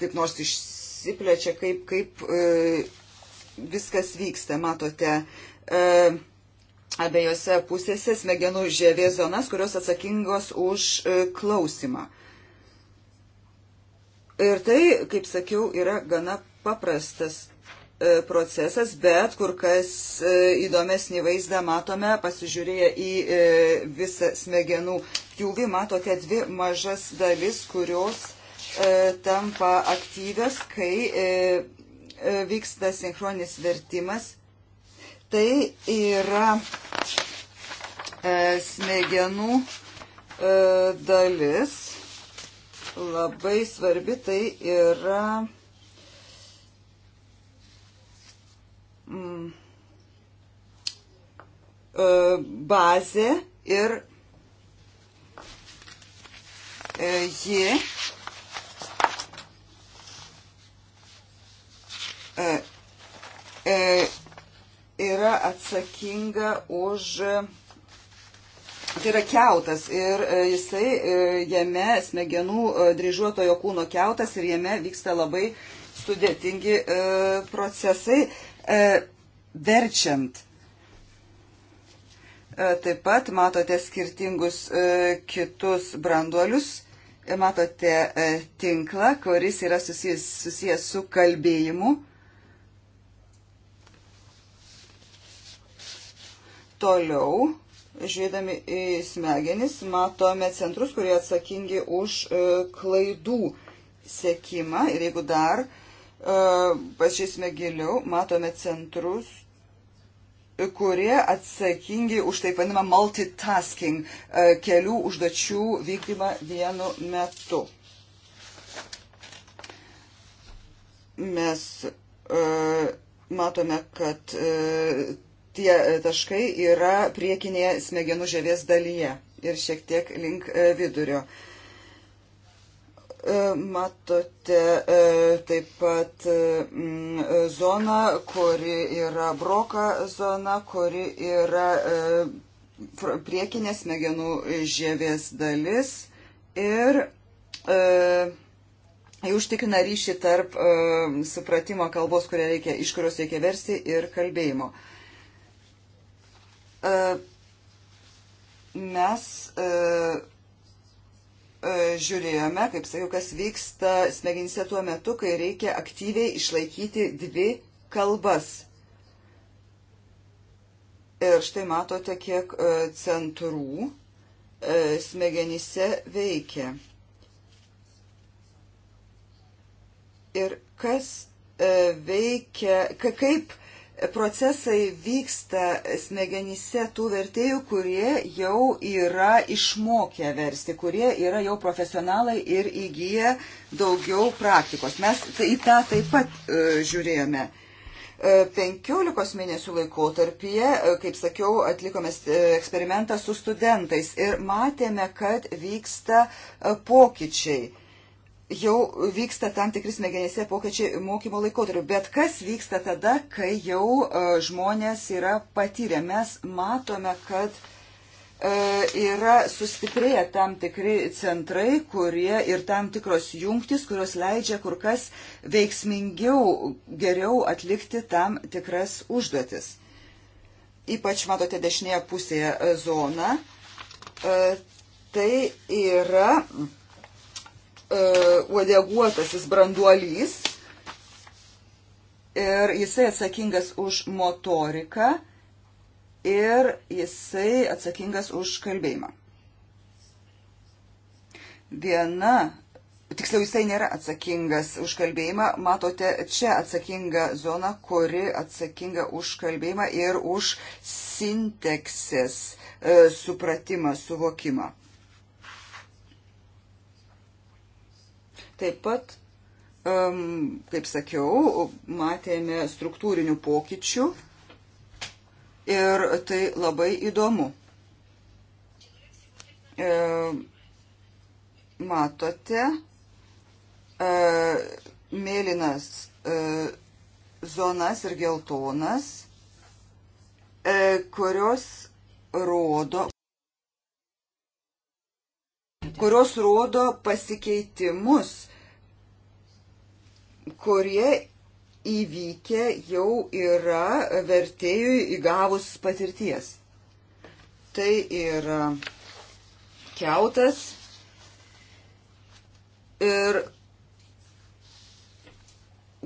A: kaip nors išsiplečia, kaip, kaip e, viskas vyksta, matote e, abiejose pusėse smegenų žievės zonas, kurios atsakingos už klausimą. Ir tai, kaip sakiau, yra gana paprastas E, procesas, bet kur kas e, įdomesnį vaizdą matome, pasižiūrėję į e, visą smegenų pjūvį, matote dvi mažas dalis, kurios tampa aktyvios, kai vyksta sinchroninis vertimas. Tai yra smegenų dalis, labai svarbi tai yra mm, e, bazė ir e, ji e, yra atsakinga už Tai yra keutas ir jisai jame smegenų dryžuotojo kūno keutas ir jame vyksta labai sudėtingi procesai. E, verčiant. E, taip pat matote skirtingus e, kitus branduolius, matote tinklą, kuris yra susijęs, susijęs su kalbėjimu. Toliau, žiūrėdami į smegenis, matome centrus, kurie atsakingi už klaidų sekimą ir jeigu dar uh, E, pažiūrėsime giliau, matome centrus, kurie atsakingi už taip vadinamą multitasking, e, kelių užduočių vykdymą vienu metu. Mes e, matome, kad tie taškai yra priekinėje smegenų žėvės dalyje ir šiek tiek link vidurio. Uh, E, matote e, taip pat mm, zoną, kuri yra broka zona, kuri yra e, priekinė smegenų žievės dalis ir jį užtikrina ryšį tarp supratimo kalbos, reikia, iš kurios reikia versti, ir kalbėjimo. Mes E, žiūrėjome, kaip sakiau, kas vyksta smegenyse tuo metu, kai reikia aktyviai išlaikyti dvi kalbas. Ir štai matote, kiek e, centrų e, smegenyse veikia. Ir kas veikia, kaip procesai vyksta smegenyse tų vertėjų, kurie jau yra išmokę versti, kurie yra jau profesionalai ir įgyja daugiau praktikos. Mes tai į tą taip pat e, žiūrėjome. E, 15 mėnesių laikotarpyje, e, kaip sakiau, atlikome e, eksperimentą su studentais ir matėme, kad vyksta e, pokyčiai jau vyksta tam tikri smegenėse pokyčiai mokymo laikotarpiu. Bet kas vyksta tada, kai jau e, žmonės yra patyrę? Mes matome, kad e, yra sustiprėję tam tikri centrai, kurie ir tam tikros jungtis, kurios leidžia kur kas veiksmingiau, geriau atlikti tam tikras užduotis. Ypač matote dešinėje pusėje zoną. E, tai yra E, uodeguotasis branduolys ir jisai atsakingas už motoriką ir jisai atsakingas už kalbėjimą. Viena, tiksliau jisai nėra atsakingas už kalbėjimą, matote čia atsakinga zona, kuri atsakinga už kalbėjimą ir už sinteksės e, supratimą, suvokimą. Taip pat, kaip sakiau, matėme struktūrinių pokyčių ir tai labai įdomu. E, matote, e, mėlynas e, zonas ir geltonas, kurios rodo, kurios rodo pasikeitimus kurie įvykę jau yra vertėjui įgavus patirties. Tai yra keutas ir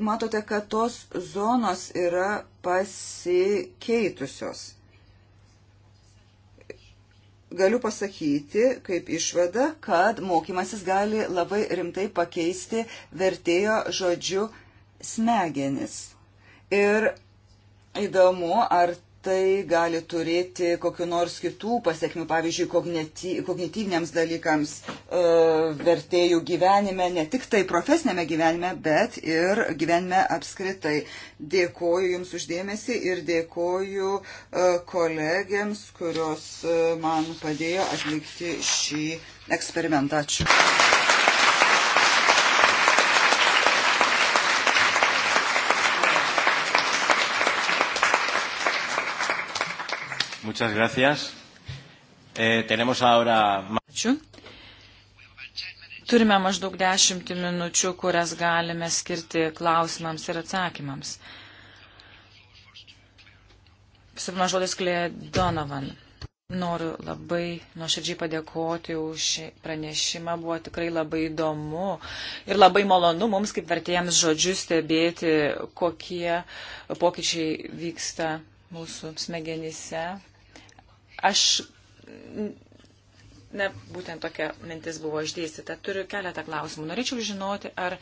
A: matote, kad tos zonos yra pasikeitusios galiu pasakyti kaip išvada, kad mokymasis gali labai rimtai pakeisti vertėjo žodžių smegenis. Ir įdomu, ar tai gali turėti kokiu nors kitų pasiekmių, pavyzdžiui, kognityviniams dalykams e, vertėjų gyvenime, ne tik tai profesinėme gyvenime, bet ir gyvenime apskritai. Dėkoju Jums uždėmesi ir dėkoju e, kolegiams, kurios e, man padėjo atlikti šį eksperimentą. Ačiū. Muchas gracias. Eh, tenemos ahora... Ačiū.
B: Turime maždaug dešimt minučių, kurias galime skirti klausimams ir atsakymams. Visų pirma, žodis Klė Donovan. Noriu labai nuoširdžiai padėkoti už šį pranešimą, buvo tikrai labai įdomu ir labai malonu mums kaip vertėjams žodžius stebėti, kokie pokyčiai vyksta mūsų smegenyse, Aš, na, būtent tokia mintis buvo išdėstyta. Turiu keletą klausimų. Norėčiau žinoti, ar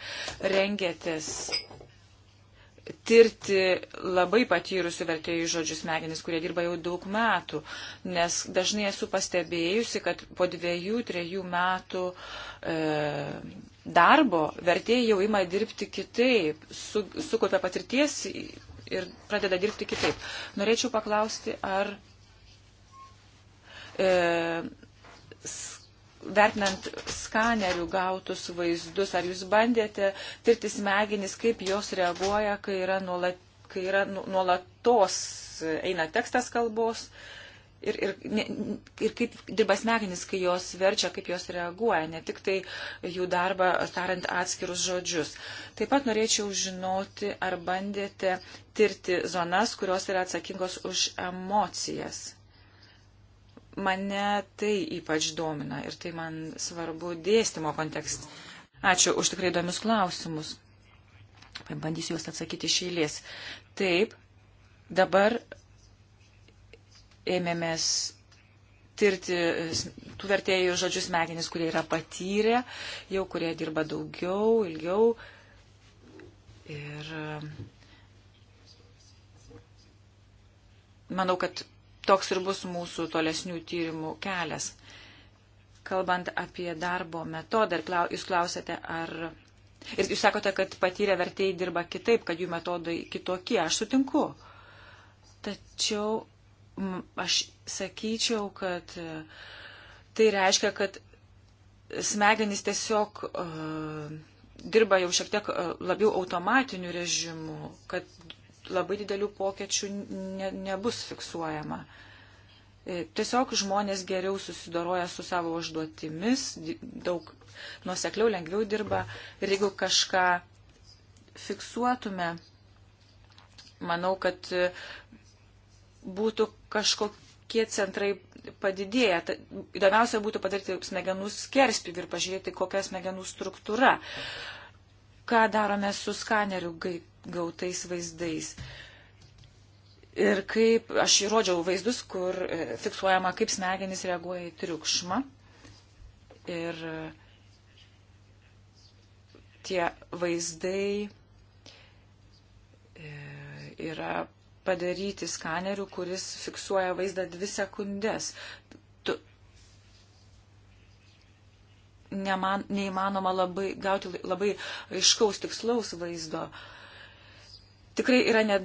B: rengėtės tirti labai patyrusių vertėjų žodžių smegenis, kurie dirba jau daug metų, nes dažnai esu pastebėjusi, kad po dviejų, trejų metų e, darbo vertėjai jau ima dirbti kitaip, su, sukaupia patirties ir pradeda dirbti kitaip. Norėčiau paklausti, ar E, vertinant skanerių gautus vaizdus, ar jūs bandėte tirti smegenis, kaip jos reaguoja, kai yra, nuolat, kai yra nu, nuolatos eina tekstas kalbos ir, ir, ne, ir kaip dirba smegenis, kai jos verčia, kaip jos reaguoja, ne tik tai jų darbą tariant atskirus žodžius. Taip pat norėčiau žinoti, ar bandėte tirti zonas, kurios yra atsakingos už emocijas Mane tai ypač domina ir tai man svarbu dėstymo kontekst. Ačiū už tikrai įdomius klausimus. Bandysiu juos atsakyti iš eilės. Taip, dabar ėmėmės tirti tų vertėjų žodžius smegenis, kurie yra patyrę, jau kurie dirba daugiau, ilgiau. Ir manau, kad toks ir bus mūsų tolesnių tyrimų kelias. Kalbant apie darbo metodą, jūs klausėte, ar. Ir jūs sakote, kad patyrę vertėjai dirba kitaip, kad jų metodai kitokie. Aš sutinku. Tačiau aš sakyčiau, kad e, tai reiškia, kad smegenys tiesiog. Uh, dirba jau šiek tiek e, labiau automatiniu režimu, kad labai didelių pokėčių ne, nebus fiksuojama. E, tiesiog žmonės geriau susidoroja su savo užduotimis, daug nuosekliau, lengviau dirba ir jeigu kažką fiksuotume, manau, kad e, būtų kažkokie centrai padidėję. Ta, įdomiausia būtų padaryti smegenų skerspį ir pažiūrėti, kokia smegenų struktūra. Uh, ką darome su skaneriu gautais vaizdais. Ir kaip aš įrodžiau vaizdus, kur e, fiksuojama, kaip smegenys reaguoja į triukšmą. Ir e, tie vaizdai e, yra padaryti skanerių, kuris fiksuoja vaizdą dvi sekundės. neman, neįmanoma labai, gauti labai aiškaus tikslaus vaizdo. Tikrai yra ne,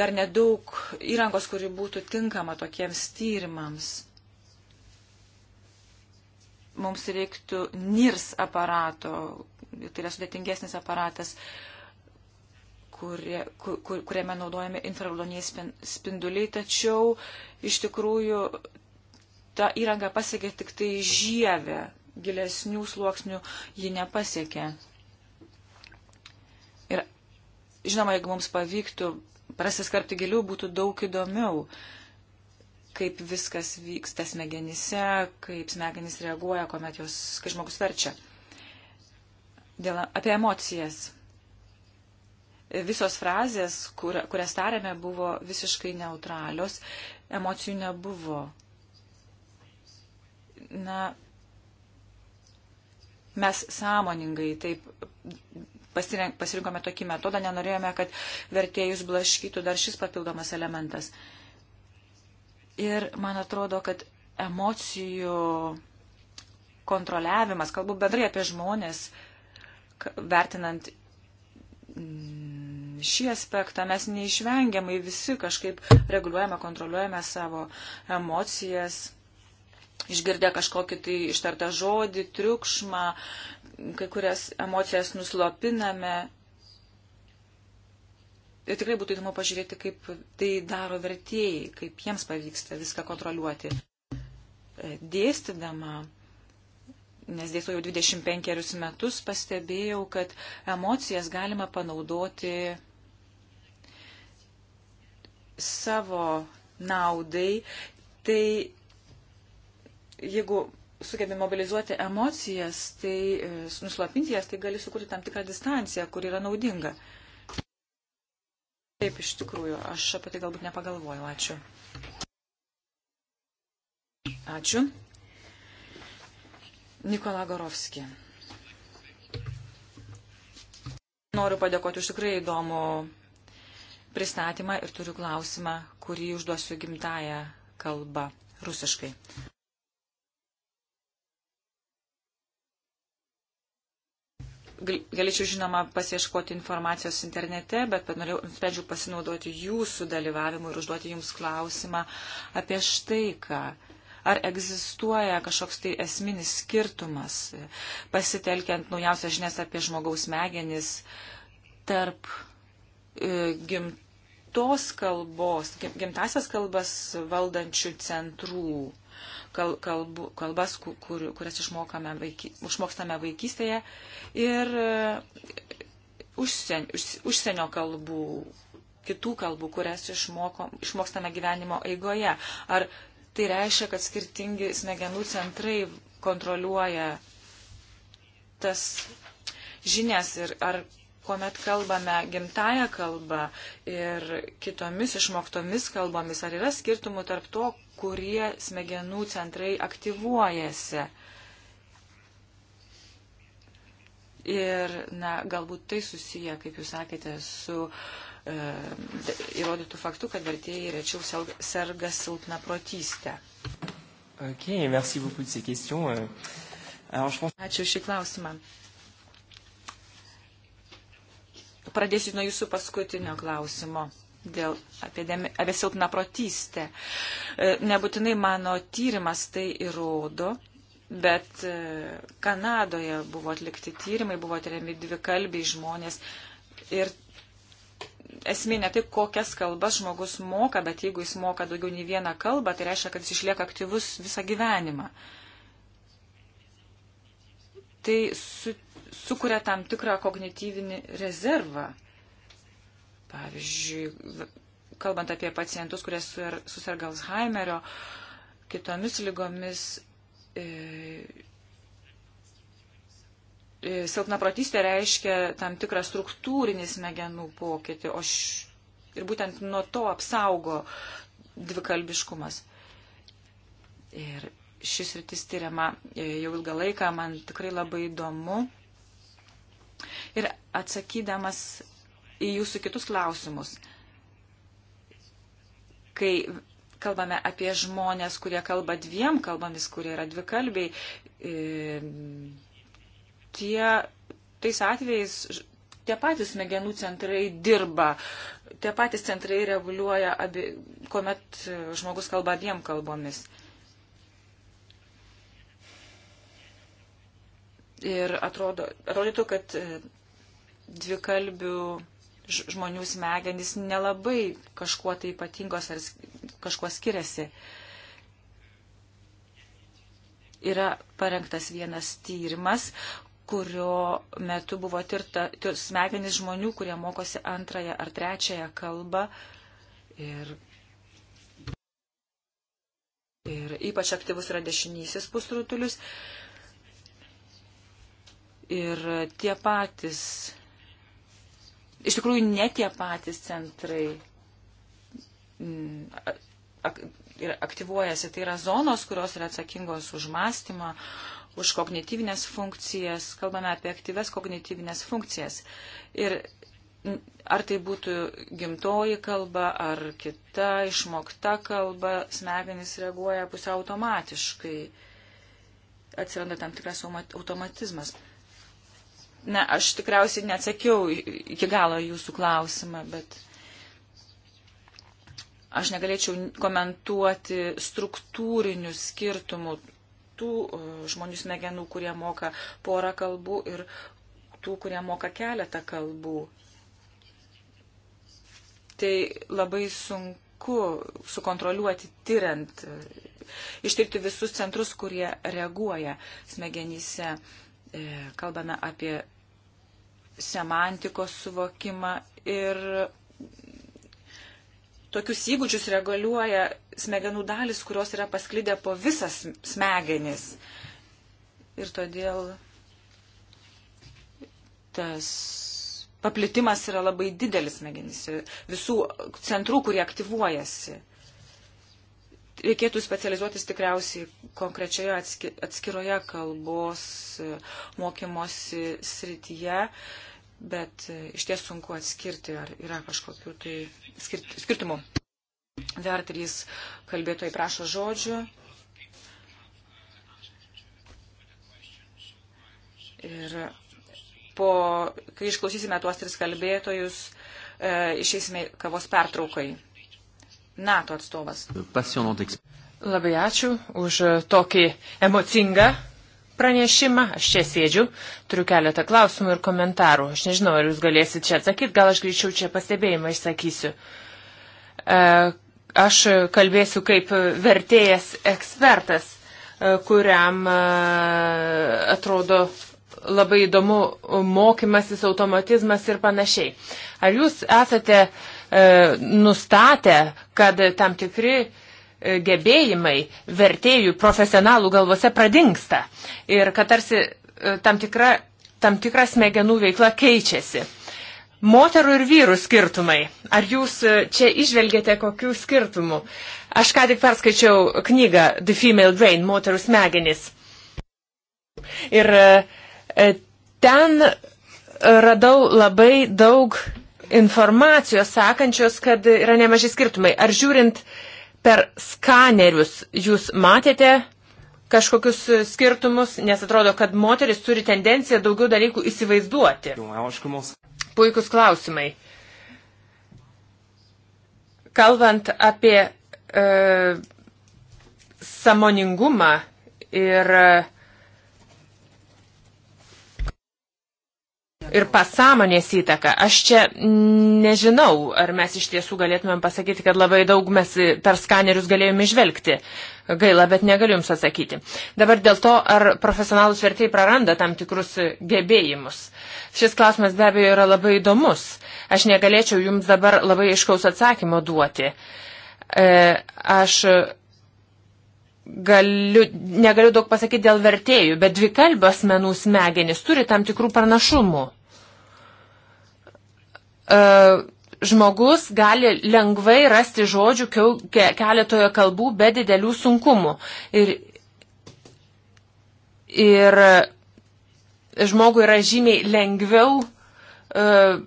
B: dar nedaug įrangos, kuri būtų tinkama tokiems tyrimams. Mums reiktų NIRS aparato, tai yra sudėtingesnis aparatas, kurie, kur, kur, kuriame naudojami infraraudoniai spinduliai, tačiau iš tikrųjų ta įranga pasiekė tik tai žievę, gilesnių sluoksnių ji nepasiekė. Ir žinoma, jeigu mums pavyktų prasiskarpti giliau, būtų daug įdomiau, kaip viskas vyksta smegenyse, kaip smegenys reaguoja, kuomet jos, kai žmogus verčia. Dėl, apie emocijas visos frazės, kur, kurias tarėme, buvo visiškai neutralios, emocijų nebuvo na, mes sąmoningai taip pasirinkome tokį metodą, nenorėjome, kad vertėjus blaškytų dar šis papildomas elementas. Ir man atrodo, kad emocijų kontroliavimas, kalbu bendrai apie žmonės, vertinant mm, šį aspektą mes neišvengiamai visi kažkaip reguliuojame, kontroliuojame savo emocijas, išgirdę kažkokį tai ištartą žodį, triukšmą, kai kurias emocijas nuslopiname. Ir tikrai būtų įdomu pažiūrėti, kaip tai daro vertėjai, kaip jiems pavyksta viską kontroliuoti. E, dėstydama, nes dėstu jau 25 metus, pastebėjau, kad emocijas galima panaudoti savo naudai. Tai jeigu sugebi mobilizuoti emocijas, tai e, nuslopinti jas, tai gali sukurti tam tikrą distanciją, kur yra naudinga. Taip, iš tikrųjų, aš apie tai galbūt nepagalvojau. Ačiū. Ačiū. Nikola Gorovski. Noriu padėkoti už tikrai įdomų pristatymą ir turiu klausimą, kurį užduosiu gimtają kalbą rusiškai. Galėčiau, žinoma, pasieškoti informacijos internete, bet, bet norėjau, nusprendžiau pasinaudoti jūsų dalyvavimu ir užduoti jums klausimą apie štai ką. Ar egzistuoja kažkoks tai esminis skirtumas, pasitelkiant naujausias žinias apie žmogaus smegenis, tarp e, gimtos kalbos, gimtasias kalbas valdančių centrų? kal, kalbų, kalbas, kur, kurias išmokame vaiky, išmokstame vaikystėje ir e, užsien, už, užsienio kalbų, kitų kalbų, kurias išmoko, išmokstame gyvenimo eigoje. Ar tai reiškia, kad skirtingi smegenų centrai kontroliuoja tas žinias ir ar kuomet kalbame gimtają kalbą ir kitomis išmoktomis kalbomis, ar yra skirtumų tarp to, kurie smegenų centrai aktyvuojasi? Ir, na, galbūt tai susiję, kaip jūs sakėte, su e, įrodytų faktų, kad vertėjai rečiau serga silpną protystę.
C: Okay, merci beaucoup de ces questions. Euh,
A: alors, je pense...
B: Ačiū šį klausimą. Pradėsiu nuo jūsų paskutinio klausimo dėl apie, dėme, apie silpną protystę. E, nebūtinai mano tyrimas tai įrodo, bet e, Kanadoje buvo atlikti tyrimai, buvo tyriami dvikalbiai žmonės ir esmė ne tai, kokias kalbas žmogus moka, bet jeigu jis moka daugiau nei vieną kalbą, tai reiškia, kad jis išlieka aktyvus visą gyvenimą. Tai su, sukuria tam tikrą kognityvinį rezervą. Pavyzdžiui, kalbant apie pacientus, kurie susirga Alzheimerio, kitomis lygomis, e, e, silpnaprotystė reiškia tam tikrą struktūrinį smegenų pokytį, o š, ir būtent nuo to apsaugo dvikalbiškumas. Ir šis rytis tyriama e, jau ilgą laiką, man tikrai labai įdomu Ir atsakydamas į jūsų kitus klausimus, kai kalbame apie žmonės, kurie kalba dviem kalbomis, kurie yra dvikalbiai, e, tie, tais atvejais tie patys smegenų centrai dirba, tie patys centrai reguliuoja, abi, kuomet žmogus kalba abiem kalbomis. Ir atrodo, atrodytų, kad e, dvikalbių žmonių smegenys nelabai kažkuo tai ypatingos ar kažkuo skiriasi. Yra parengtas vienas tyrimas, kurio metu buvo tirta smegenys žmonių, kurie mokosi antrąją ar trečiąją kalbą. Ir, ir ypač aktyvus yra dešinysis pusrutulius ir tie patys, iš tikrųjų ne tie patys centrai mm, ak, ir aktyvuojasi. Tai yra zonos, kurios yra atsakingos už mąstymą, už kognityvinės funkcijas. Kalbame apie aktyves kognityvinės funkcijas. Ir ar tai būtų gimtoji kalba, ar kita išmokta kalba, smegenys reaguoja pusiau automatiškai. Atsiranda tam tikras automatizmas. Na, aš tikriausiai neatsakiau iki galo jūsų klausimą, bet aš negalėčiau komentuoti struktūrinių skirtumų tų uh, žmonių smegenų, kurie moka porą kalbų ir tų, kurie moka keletą kalbų. Tai labai sunku sukontroliuoti, tyrant, uh, ištirti visus centrus, kurie reaguoja smegenyse. E, kalbame apie semantikos suvokimą ir tokius įgūdžius reguliuoja smegenų dalis, kurios yra pasklidę po visas smegenis. Ir todėl tas paplitimas yra labai didelis smegenyse, visų centrų, kurie aktyvuojasi reikėtų specializuotis tikriausiai konkrečioje atski, atskiroje kalbos e, mokymosi srityje, bet e, iš ties sunku atskirti, ar yra kažkokių tai skirt, skirtumų. Dar trys kalbėtojai prašo žodžių. Ir po, kai išklausysime tuos tris kalbėtojus, e, išeisime kavos pertraukai. NATO atstovas.
C: Labai ačiū už tokį emocingą pranešimą. Aš čia sėdžiu, turiu keletą klausimų ir komentarų. Aš nežinau, ar jūs galėsit čia atsakyti, gal aš greičiau čia pastebėjimą išsakysiu. E, aš kalbėsiu kaip vertėjas ekspertas, e, kuriam e, atrodo labai įdomu mokymasis, automatizmas ir panašiai. Ar jūs esate uh, E, nustatę, kad tam tikri e, gebėjimai vertėjų profesionalų galvose pradingsta ir kad tarsi e, tam tikra, tam tikra smegenų veikla keičiasi. Moterų ir vyrų skirtumai. Ar jūs čia išvelgėte kokių skirtumų? Aš ką tik perskaičiau knygą The Female Brain, moterų smegenys. Ir ten radau labai daug informacijos sakančios, kad yra nemažai skirtumai. Ar žiūrint per skanerius jūs matėte kažkokius skirtumus, nes atrodo, kad moteris turi tendenciją daugiau dalykų įsivaizduoti. Puikus klausimai. Kalbant apie e, samoningumą ir e, ir pasąmonės įtaka. Aš čia nežinau, ar mes iš tiesų galėtumėm pasakyti, kad labai daug mes per skanerius galėjome išvelgti. Gaila, bet negaliu Jums atsakyti. Dabar dėl to, ar profesionalus vertėjai praranda tam tikrus gebėjimus. Šis klausimas be abejo yra labai įdomus. Aš negalėčiau Jums dabar labai iškaus atsakymo duoti. E, aš galiu, negaliu daug pasakyti dėl vertėjų, bet dvikalbių asmenų smegenys turi tam tikrų pranašumų. E, žmogus gali lengvai rasti žodžių keletoje kalbų be didelių sunkumų. Ir, ir žmogui yra žymiai lengviau uh,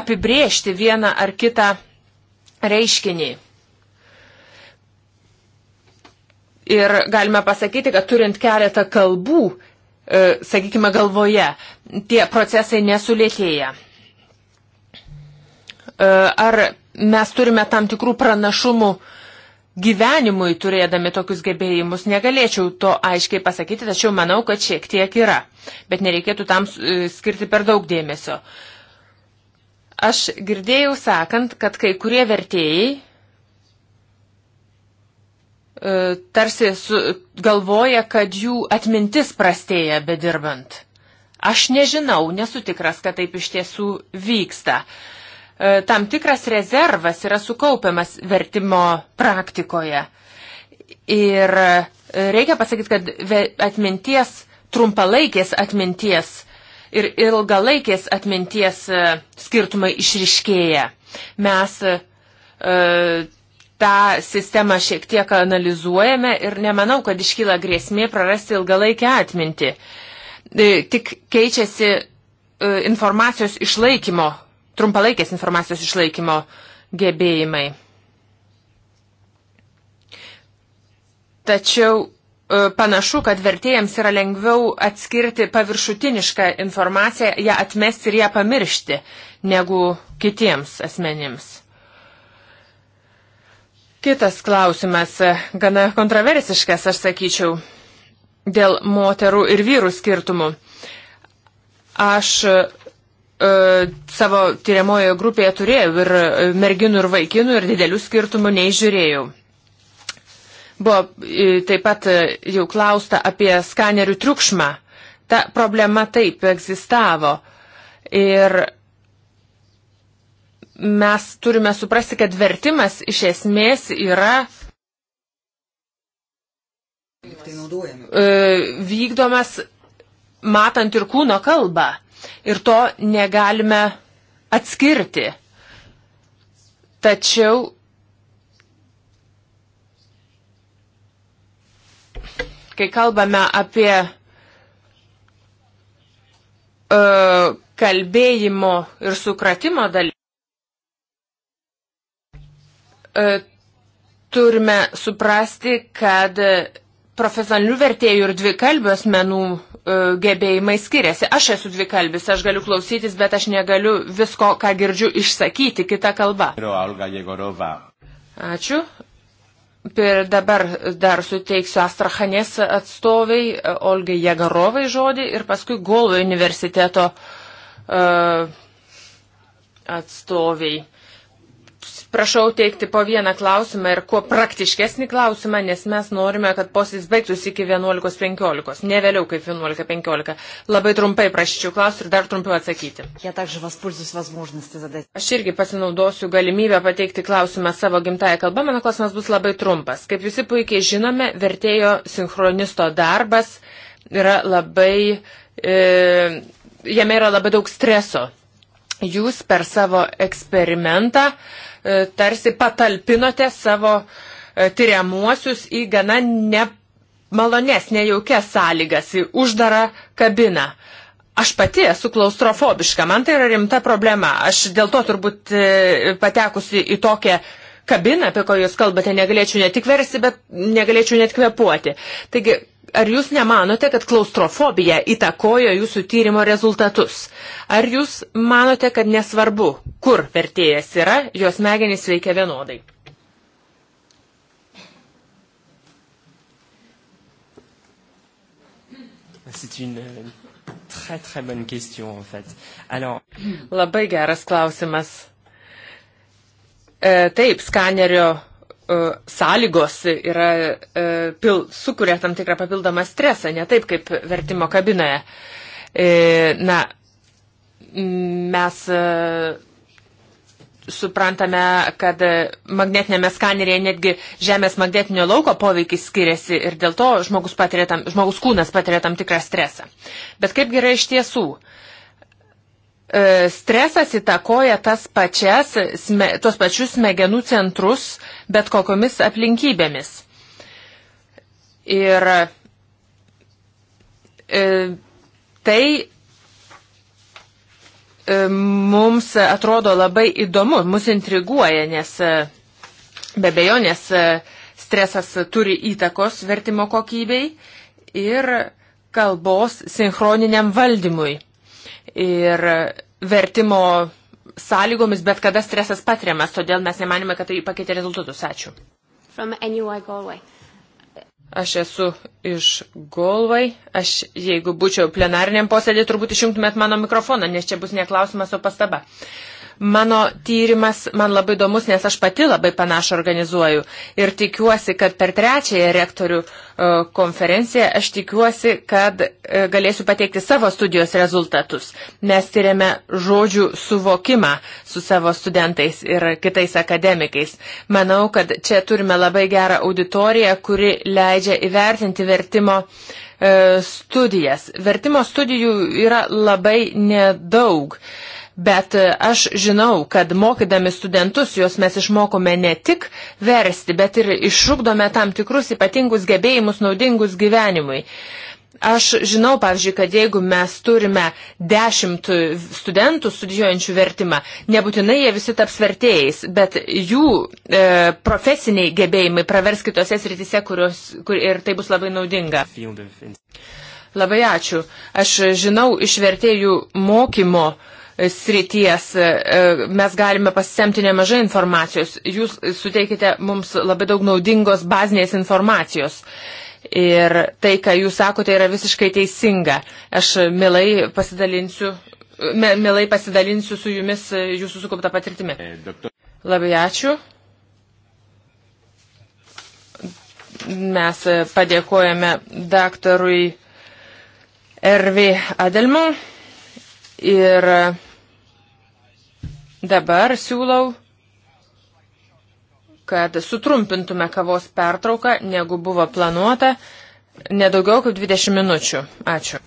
C: apibriežti vieną ar kitą reiškinį. Ir galime pasakyti, kad turint keletą kalbų, uh, sakykime, galvoje, tie procesai nesulėtėja. E, ar mes turime tam tikrų pranašumų gyvenimui turėdami tokius gebėjimus. Negalėčiau to aiškiai pasakyti, tačiau manau, kad šiek tiek yra. Bet nereikėtų tam e, skirti per daug dėmesio. Aš girdėjau sakant, kad kai kurie vertėjai e, tarsi su, galvoja, kad jų atmintis prastėja bedirbant. Aš nežinau, nesu tikras, kad taip iš tiesų vyksta. Uh, E, tam tikras rezervas yra sukaupiamas vertimo praktikoje. Ir e, reikia pasakyti, kad atminties, trumpalaikės atminties ir ilgalaikės atminties e, skirtumai išriškėja. Mes tą sistemą šiek tiek analizuojame ir nemanau, kad iškyla grėsmė prarasti ilgalaikę atmintį. Tik keičiasi informacijos išlaikymo trumpalaikės informacijos išlaikymo gebėjimai. Tačiau e, panašu, kad vertėjams yra lengviau atskirti paviršutinišką informaciją, ją atmesti ir ją pamiršti, negu kitiems asmenims. Kitas klausimas, e, gana kontroversiškas, aš sakyčiau, dėl moterų ir vyrų skirtumų. Aš e, E, savo tyriamojoje grupėje turėjau ir e, merginų, ir vaikinų, ir didelių skirtumų neižiūrėjau. Buvo e, taip pat jau klausta apie skanerių triukšmą. Ta problema taip egzistavo. Ir mes turime suprasti, kad vertimas iš esmės yra tai vykdomas matant ir kūno kalbą ir to negalime atskirti. Tačiau kai kalbame apie uh, kalbėjimo ir sukratimo dalyką, uh, e, turime suprasti, kad uh, profesionalių vertėjų ir dvikalbių asmenų e, gebėjimai skiriasi. Aš esu dvikalbis, aš galiu klausytis, bet aš negaliu visko, ką girdžiu, išsakyti kitą kalbą. Ačiū. Ir dabar dar suteiksiu Astrahanės atstoviai e, Olgai Jagarovai žodį ir paskui Golvo universiteto uh, atstoviai. Prašau teikti po vieną klausimą ir kuo praktiškesnį klausimą, nes mes norime, kad posėdis baigtųsi iki 11.15, ne vėliau kaip 11.15. Labai trumpai prašyčiau klausti ir dar trumpiau atsakyti. Aš irgi pasinaudosiu galimybę pateikti klausimą savo gimtają kalbą, mano klausimas bus labai trumpas. Kaip visi puikiai žinome, vertėjo sinchronisto darbas yra labai, e, jame yra labai daug streso. Jūs per savo eksperimentą e, E, tarsi patalpinote savo e, tyriamuosius į gana nemalones, nejaukias sąlygas, į uždarą kabiną. Aš pati esu klaustrofobiška, man tai yra rimta problema. Aš dėl to turbūt e, patekusi į tokią kabiną, apie ko jūs kalbate, negalėčiau ne tik versi, bet negalėčiau net kvepuoti. Taigi, ar jūs nemanote, kad klaustrofobija įtakojo jūsų tyrimo rezultatus? Ar jūs manote, kad nesvarbu, kur vertėjas yra, jos smegenys veikia vienodai? Euh, très, très bonne question, en fait. Alors... Labai geras klausimas. E, taip, skanerio E, sąlygos yra, e, pil, sukuria tam tikrą papildomą stresą, ne taip kaip vertimo kabinoje. E, na, mes suprantame, kad magnetinėme skanerėje netgi žemės magnetinio lauko poveikis skiriasi ir dėl to žmogus, tam, žmogus kūnas patiria tam tikrą stresą. Bet kaip gerai iš tiesų? Uh, E, stresas įtakoja tas pačias, tuos pačius smegenų centrus, bet kokiomis aplinkybėmis. Ir e, tai e, mums atrodo labai įdomu, mus intriguoja, nes be bejonės stresas turi įtakos vertimo kokybei ir kalbos sinchroniniam valdymui ir vertimo sąlygomis, bet kada stresas patiriamas, todėl mes nemanime, kad tai pakeitė rezultatus. Ačiū. Aš esu iš Golvai. Aš, jeigu būčiau plenariniam posėdį, turbūt išjungtumėt mano mikrofoną, nes čia bus ne klausimas, o pastaba. Uh, Mano tyrimas man labai įdomus, nes aš pati labai panašą organizuoju ir tikiuosi, kad per trečiąją rektorių e, konferenciją aš tikiuosi, kad e, galėsiu pateikti savo studijos rezultatus. Mes tyriame žodžių suvokimą su savo studentais ir kitais akademikais. Manau, kad čia turime labai gerą auditoriją, kuri leidžia įvertinti vertimo e, studijas. Vertimo studijų yra labai nedaug. Uh, Bet e, aš žinau, kad mokydami studentus juos mes išmokome ne tik versti, bet ir išrūkdome tam tikrus ypatingus gebėjimus naudingus gyvenimui. Aš žinau, pavyzdžiui, kad jeigu mes turime dešimt studentų studijuojančių vertimą, nebūtinai jie visi taps vertėjais, bet jų e, profesiniai gebėjimai pravers kitose srityse, kurios, kur, ir tai bus labai naudinga. Labai ačiū. Aš žinau iš vertėjų mokymo. E, srities mes galime pasisemti nemažai informacijos. Jūs suteikite mums labai daug naudingos bazinės informacijos. Ir tai, ką jūs sakote, yra visiškai teisinga. Aš milai pasidalinsiu, milai pasidalinsiu su jumis jūsų sukauptą patirtimį. E, labai ačiū. Mes padėkojame daktarui Ervi Adelmu ir Dabar siūlau, kad sutrumpintume kavos pertrauką, negu buvo planuota, nedaugiau kaip 20 minučių. Ačiū.